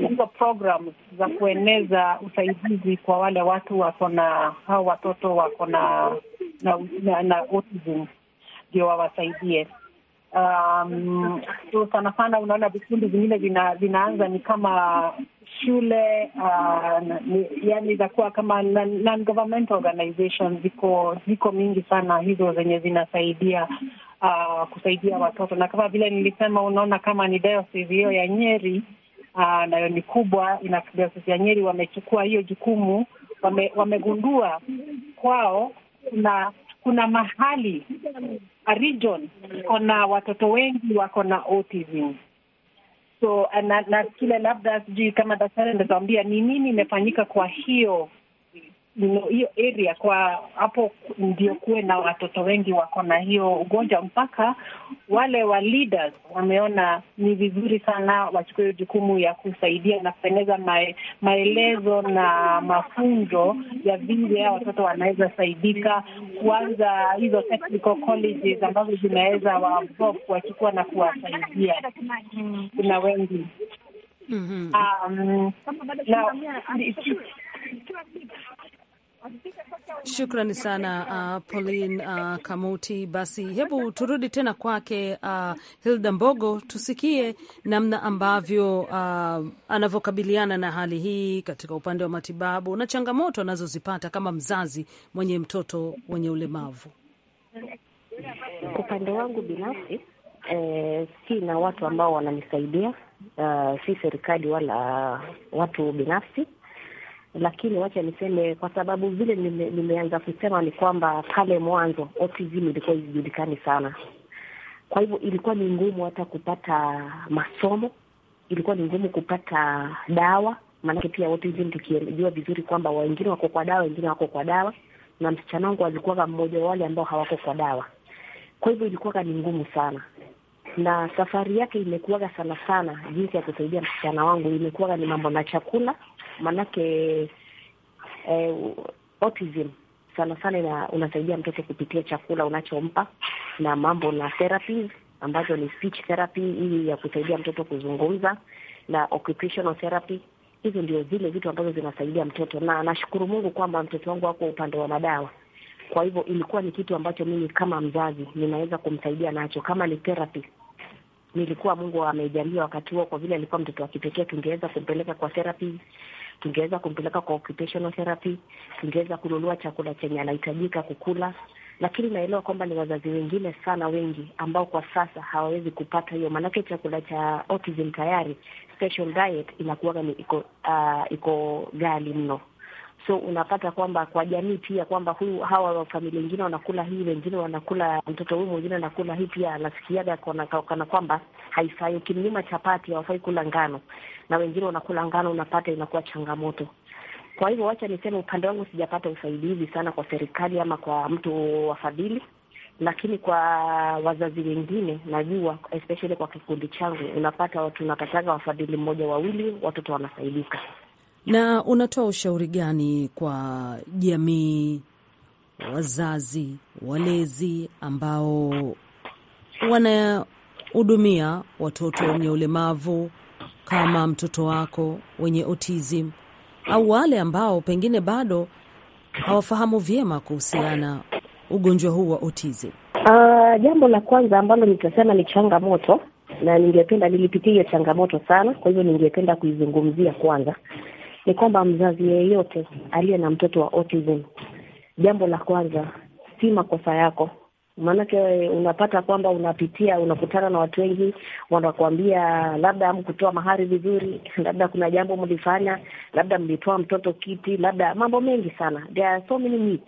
hizo programs za kueneza usaidizi kwa wale watu wako na hao watoto wako na na, na, na autism ndio wawasaidie Um, so sana sana unaona vikundi vingine vina, vinaanza ni kama shule uh, yani zakuwa kama non-governmental ziko ziko mingi sana hizo zenye zinasaidia uh, kusaidia watoto, na kama vile nilisema, unaona kama ni diocese hiyo ya Nyeri uh, nayo ni kubwa ina diocese ya Nyeri, wamechukua hiyo jukumu, wame, wamegundua kwao kuna kuna mahali a region iko na watoto wengi wako na autism so na, na kile labda sijui kama daktari anatuambia ni nini imefanyika kwa hiyo hiyo area kwa hapo ndio kuwe na watoto wengi wako na hiyo ugonjwa, mpaka wale wa leaders wameona ni vizuri sana wachukue jukumu ya kusaidia na kueneza mae, maelezo na mafunzo ya vile watoto wanaweza saidika, kuanza hizo technical colleges ambazo zinaweza wa kuwachukua na kuwasaidia. Kuna wengi mm-hmm. um, na Shukrani sana uh, Pauline uh, Kamuti. Basi hebu turudi tena kwake uh, Hilda Mbogo, tusikie namna ambavyo uh, anavyokabiliana na hali hii katika upande wa matibabu na changamoto anazozipata kama mzazi mwenye mtoto mwenye ulemavu. Upande wangu binafsi eh, si na watu ambao wananisaidia, uh, si serikali wala uh, watu binafsi lakini wacha niseme kwa sababu vile nimeanza nime, kusema ni kwamba pale mwanzo autism ilikuwa ijulikani sana, kwa hivyo ilikuwa ni ngumu hata kupata masomo, ilikuwa ni ngumu kupata dawa, maanake pia autism tukijua vizuri kwamba wengine wako kwa dawa, wengine wako kwa dawa, na msichana wangu alikuwa mmoja wa wale ambao hawako kwa dawa, kwa hivyo ilikuwa ni ngumu sana na safari yake imekuwaga sana sana, jinsi ya kusaidia msichana wangu imekuwaga ni mambo na chakula maanake eh, autism sana sana ina, unasaidia mtoto kupitia chakula unachompa na mambo na therapies ambazo ni speech therapy hii ya kusaidia mtoto kuzungumza na occupational therapy. Hizo ndio zile vitu ambazo zinasaidia mtoto, na nashukuru Mungu kwamba mtoto wangu wako upande wa madawa. Kwa hivyo ilikuwa ni kitu ambacho mimi kama mzazi ninaweza kumsaidia nacho, kama ni therapy. Nilikuwa Mungu amejalia wakati huo, kwa vile alikuwa mtoto wa kipekee, tungeweza kumpeleka kwa therapy tungeweza kumpeleka kwa occupational therapy, tungeweza kununua chakula chenye anahitajika kukula. Lakini naelewa kwamba ni wazazi wengine sana wengi ambao kwa sasa hawawezi kupata hiyo, maanake chakula cha autism tayari special diet inakuwaga ni iko uh, iko ghali mno so unapata kwamba kwa jamii pia kwamba huyu hawa wafamilia wengine wanakula hii, wengine wanakula mtoto huyu, mwingine anakula hii. Pia anasikiaga kana kwamba haifai, ukimnyima chapati hawafai kula ngano na wengine wanakula ngano, unapata inakuwa changamoto. Kwa hivyo wacha niseme upande wangu sijapata usaidizi sana kwa serikali ama kwa mtu wafadhili, lakini kwa wazazi wengine najua, especially kwa kikundi changu, unapata tunapataga wafadhili mmoja wawili, watoto wanasaidika. Na unatoa ushauri gani kwa jamii, wazazi, walezi ambao wanahudumia watoto wenye ulemavu kama mtoto wako wenye autism au wale ambao pengine bado hawafahamu vyema kuhusiana ugonjwa huu wa autism? Uh, jambo la kwanza ambalo nitasema ni changamoto na ningependa nilipitia hiyo changamoto sana, kwa hivyo ningependa kuizungumzia kwanza, ni kwamba mzazi yeyote aliye na mtoto wa autism, jambo la kwanza, si makosa yako Maanake unapata kwamba unapitia, unakutana na watu wengi wanakuambia, labda amkutoa mahari vizuri, labda kuna jambo mlifanya, labda mlitoa mtoto kiti, labda mambo mengi sana. There are so many myths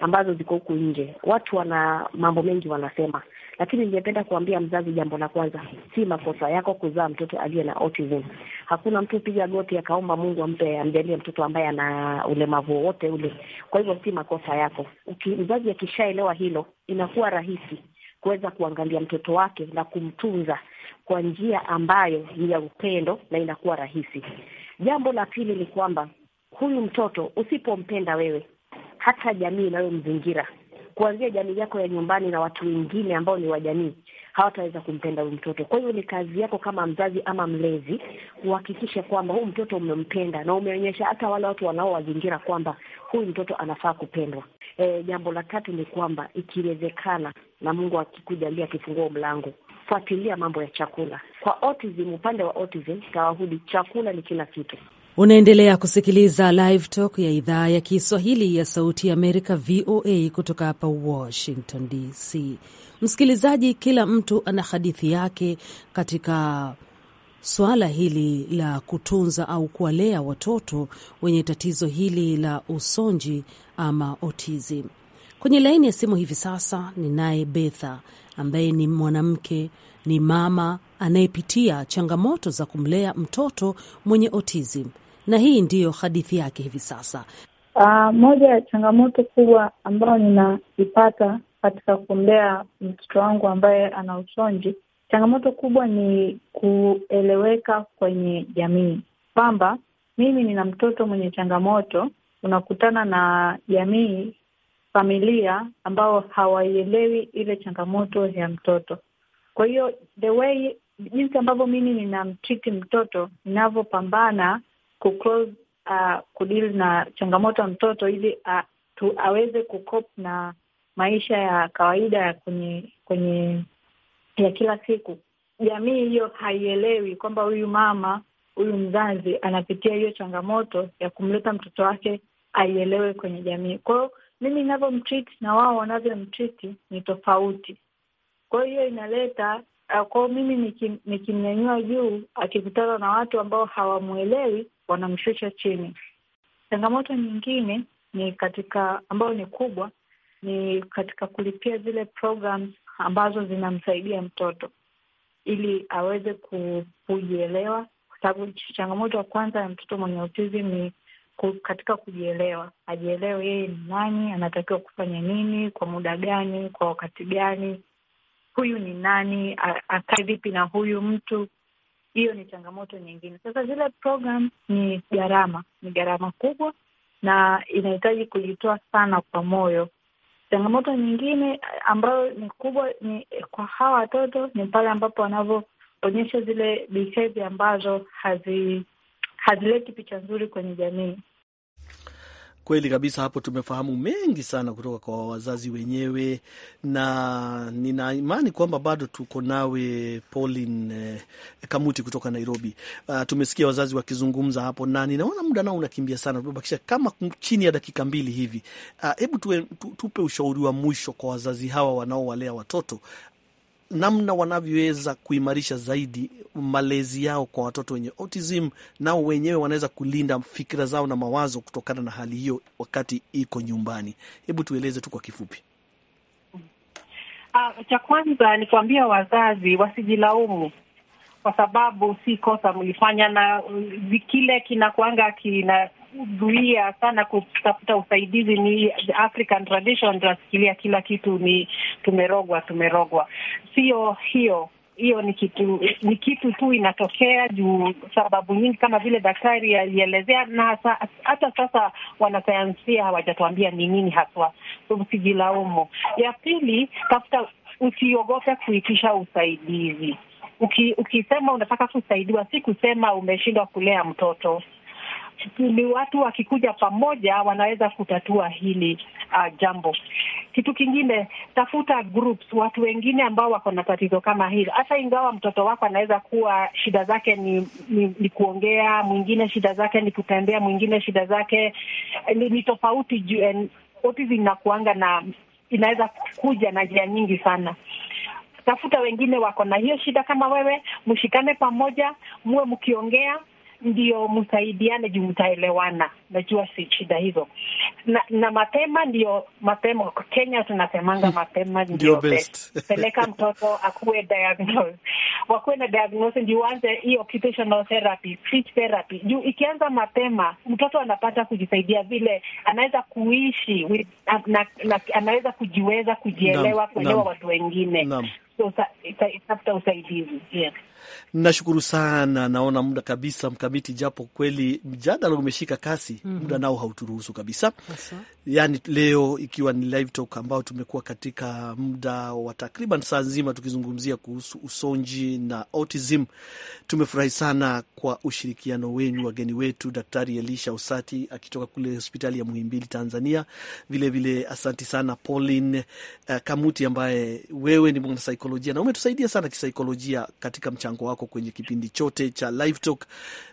ambazo ziko huku nje, watu wana mambo mengi wanasema lakini ningependa kuambia mzazi jambo la kwanza, si makosa yako kuzaa mtoto aliye na autism. Hakuna mtu piga goti akaomba Mungu ampe amjalie mtoto ambaye ana ulemavu wowote ule. Kwa hivyo si makosa yako. Uki, mzazi akishaelewa hilo, inakuwa rahisi kuweza kuangalia mtoto wake na kumtunza kwa njia ambayo ni ya upendo na inakuwa rahisi. Jambo la pili ni kwamba huyu mtoto usipompenda wewe, hata jamii inayomzingira kuanzia jamii yako ya nyumbani na watu wengine ambao ni wa jamii hawataweza kumpenda huyu mtoto. Kwa hiyo ni kazi yako kama mzazi ama mlezi kuhakikisha kwamba huyu mtoto umempenda na umeonyesha hata wale watu wanaowazingira kwamba huyu mtoto anafaa kupendwa. E, jambo la tatu ni kwamba ikiwezekana, na Mungu akikujalia, akifungua mlango, fuatilia mambo ya chakula. Kwa autism, upande wa autism tawahudi, chakula ni kila kitu. Unaendelea kusikiliza Live Talk ya idhaa ya Kiswahili ya Sauti ya Amerika, VOA, kutoka hapa Washington DC. Msikilizaji, kila mtu ana hadithi yake katika suala hili la kutunza au kuwalea watoto wenye tatizo hili la usonji ama autism. Kwenye laini ya simu hivi sasa ninaye Betha ambaye ni mwanamke ni mama anayepitia changamoto za kumlea mtoto mwenye autism, na hii ndiyo hadithi yake hivi sasa. Uh, moja ya changamoto kubwa ambayo ninaipata katika kumlea mtoto wangu ambaye ana usonji, changamoto kubwa ni kueleweka kwenye jamii kwamba mimi nina mtoto mwenye changamoto. Unakutana na jamii, familia ambao hawaielewi ile changamoto ya mtoto. Kwa hiyo the way jinsi ambavyo mimi ninamtriti mtoto, ninavyopambana ku uh, kudeal na changamoto ya mtoto ili uh, tu aweze ku na maisha ya kawaida ya kwenye kwenye ya kila siku. Jamii hiyo haielewi kwamba huyu mama huyu mzazi anapitia hiyo changamoto ya kumleta mtoto wake aielewe kwenye jamii. Kwa hiyo mimi ninavyomtriti na wao wanavyomtriti ni tofauti. Kwa hiyo inaleta ah, kwao, mimi nikimnyanyua juu, akikutana na watu ambao hawamwelewi wanamshusha chini. Changamoto nyingine ni katika ambayo ni kubwa ni katika kulipia zile programs ambazo zinamsaidia mtoto ili aweze kujielewa, kwa sababu changamoto ya kwanza ya mtoto mwenye autism ni katika kujielewa, ajielewe yeye ni nani, anatakiwa kufanya nini, kwa muda gani, kwa wakati gani, huyu ni nani, akae vipi na huyu mtu. Hiyo ni changamoto nyingine. Sasa zile program ni gharama, ni gharama kubwa na inahitaji kujitoa sana kwa moyo. Changamoto nyingine ambayo ni kubwa ni kwa hawa watoto ni pale ambapo wanavyoonyesha zile behavior ambazo hazi hazileti picha nzuri kwenye jamii. Kweli kabisa, hapo tumefahamu mengi sana kutoka kwa wazazi wenyewe, na nina imani kwamba bado tuko nawe Pauline eh, Kamuti kutoka Nairobi. Uh, tumesikia wazazi wakizungumza hapo, na ninaona muda nao unakimbia sana, tumebakisha kama chini ya dakika mbili hivi. Ah, hebu uh, tu, tupe ushauri wa mwisho kwa wazazi hawa wanaowalea watoto namna wanavyoweza kuimarisha zaidi malezi yao kwa watoto wenye autism, nao wenyewe wanaweza kulinda fikira zao na mawazo kutokana na hali hiyo wakati iko nyumbani. Hebu tueleze tu kwa kifupi. Uh, cha kwanza ni kuambia wazazi wasijilaumu kwa sababu si kosa mlifanya, na mm, kile kinakuanga kina kuzuia sana kutafuta usaidizi ni African tradition, tunasikilia kila kitu ni tumerogwa, tumerogwa. Sio hiyo hiyo ni kitu ni kitu tu inatokea juu sababu nyingi kama vile daktari alielezea, na hata sasa wanasayansia hawajatuambia ni nini haswa, sijilaumu Ya pili, tafuta, usiogope kuitisha usaidizi. Uki, ukisema unataka kusaidiwa, si kusema umeshindwa kulea mtoto ni watu wakikuja pamoja wanaweza kutatua hili uh, jambo. Kitu kingine, tafuta groups, watu wengine ambao wako na tatizo kama hilo. Hata ingawa mtoto wako anaweza kuwa shida zake ni, ni, ni kuongea, mwingine shida zake ni kutembea, mwingine shida zake ni, ni tofauti juu. Eh, autism inakuanga na inaweza kuja na njia nyingi sana. Tafuta wengine wako na hiyo shida kama wewe, mshikane pamoja, muwe mkiongea ndio msaidiane juu mtaelewana. Najua si shida hizo na, na mapema ndio mapema. Kenya tunasemanga hmm. mapema ndio best. Peleka mtoto akuwe diagnose, wakuwe na diagnose ndio uanze hii occupational therapy, speech therapy. Juu ikianza mapema mtoto anapata kujisaidia vile anaweza kuishi with, na, na, anaweza kujiweza kujielewa, kuelewa watu wengine, so tafuta usaidizi yeah. Nashukuru sana, naona muda kabisa mkamiti, japo kweli mjadala umeshika kasi mm -hmm. muda nao hauturuhusu kabisa Asa. Yani leo ikiwa ni live talk ambao tumekuwa katika muda wa takriban saa nzima tukizungumzia kuhusu usonji na autism. Tumefurahi sana kwa ushirikiano wenu, wageni wetu, Daktari Elisha Usati akitoka kule hospitali ya Muhimbili, Tanzania. Vilevile vile, asanti sana Pauline uh, Kamuti ambaye wewe ni mwanasaikolojia na umetusaidia sana kisaikolojia katika mchango mchango wako kwenye kipindi chote cha Live Talk.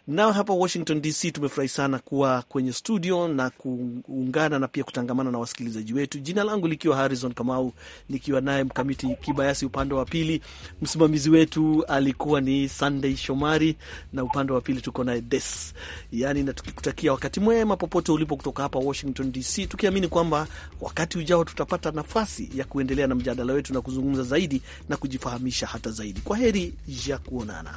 Na hapa Washington DC tumefurahi sana kuwa kwenye studio na kuungana na pia kutangamana na wasikilizaji wetu, jina langu likiwa Harrison Kamau, nikiwa naye mkamiti Kibayasi upande wa pili. Msimamizi wetu alikuwa ni Sunday Shomari, na upande wa pili tuko naye Des yani, na tukikutakia wakati mwema popote ulipo kutoka hapa Washington DC, tukiamini kwamba wakati ujao tutapata nafasi ya kuendelea na mjadala wetu na kuzungumza zaidi na kujifahamisha hata zaidi. Kwa heri ya kuonana.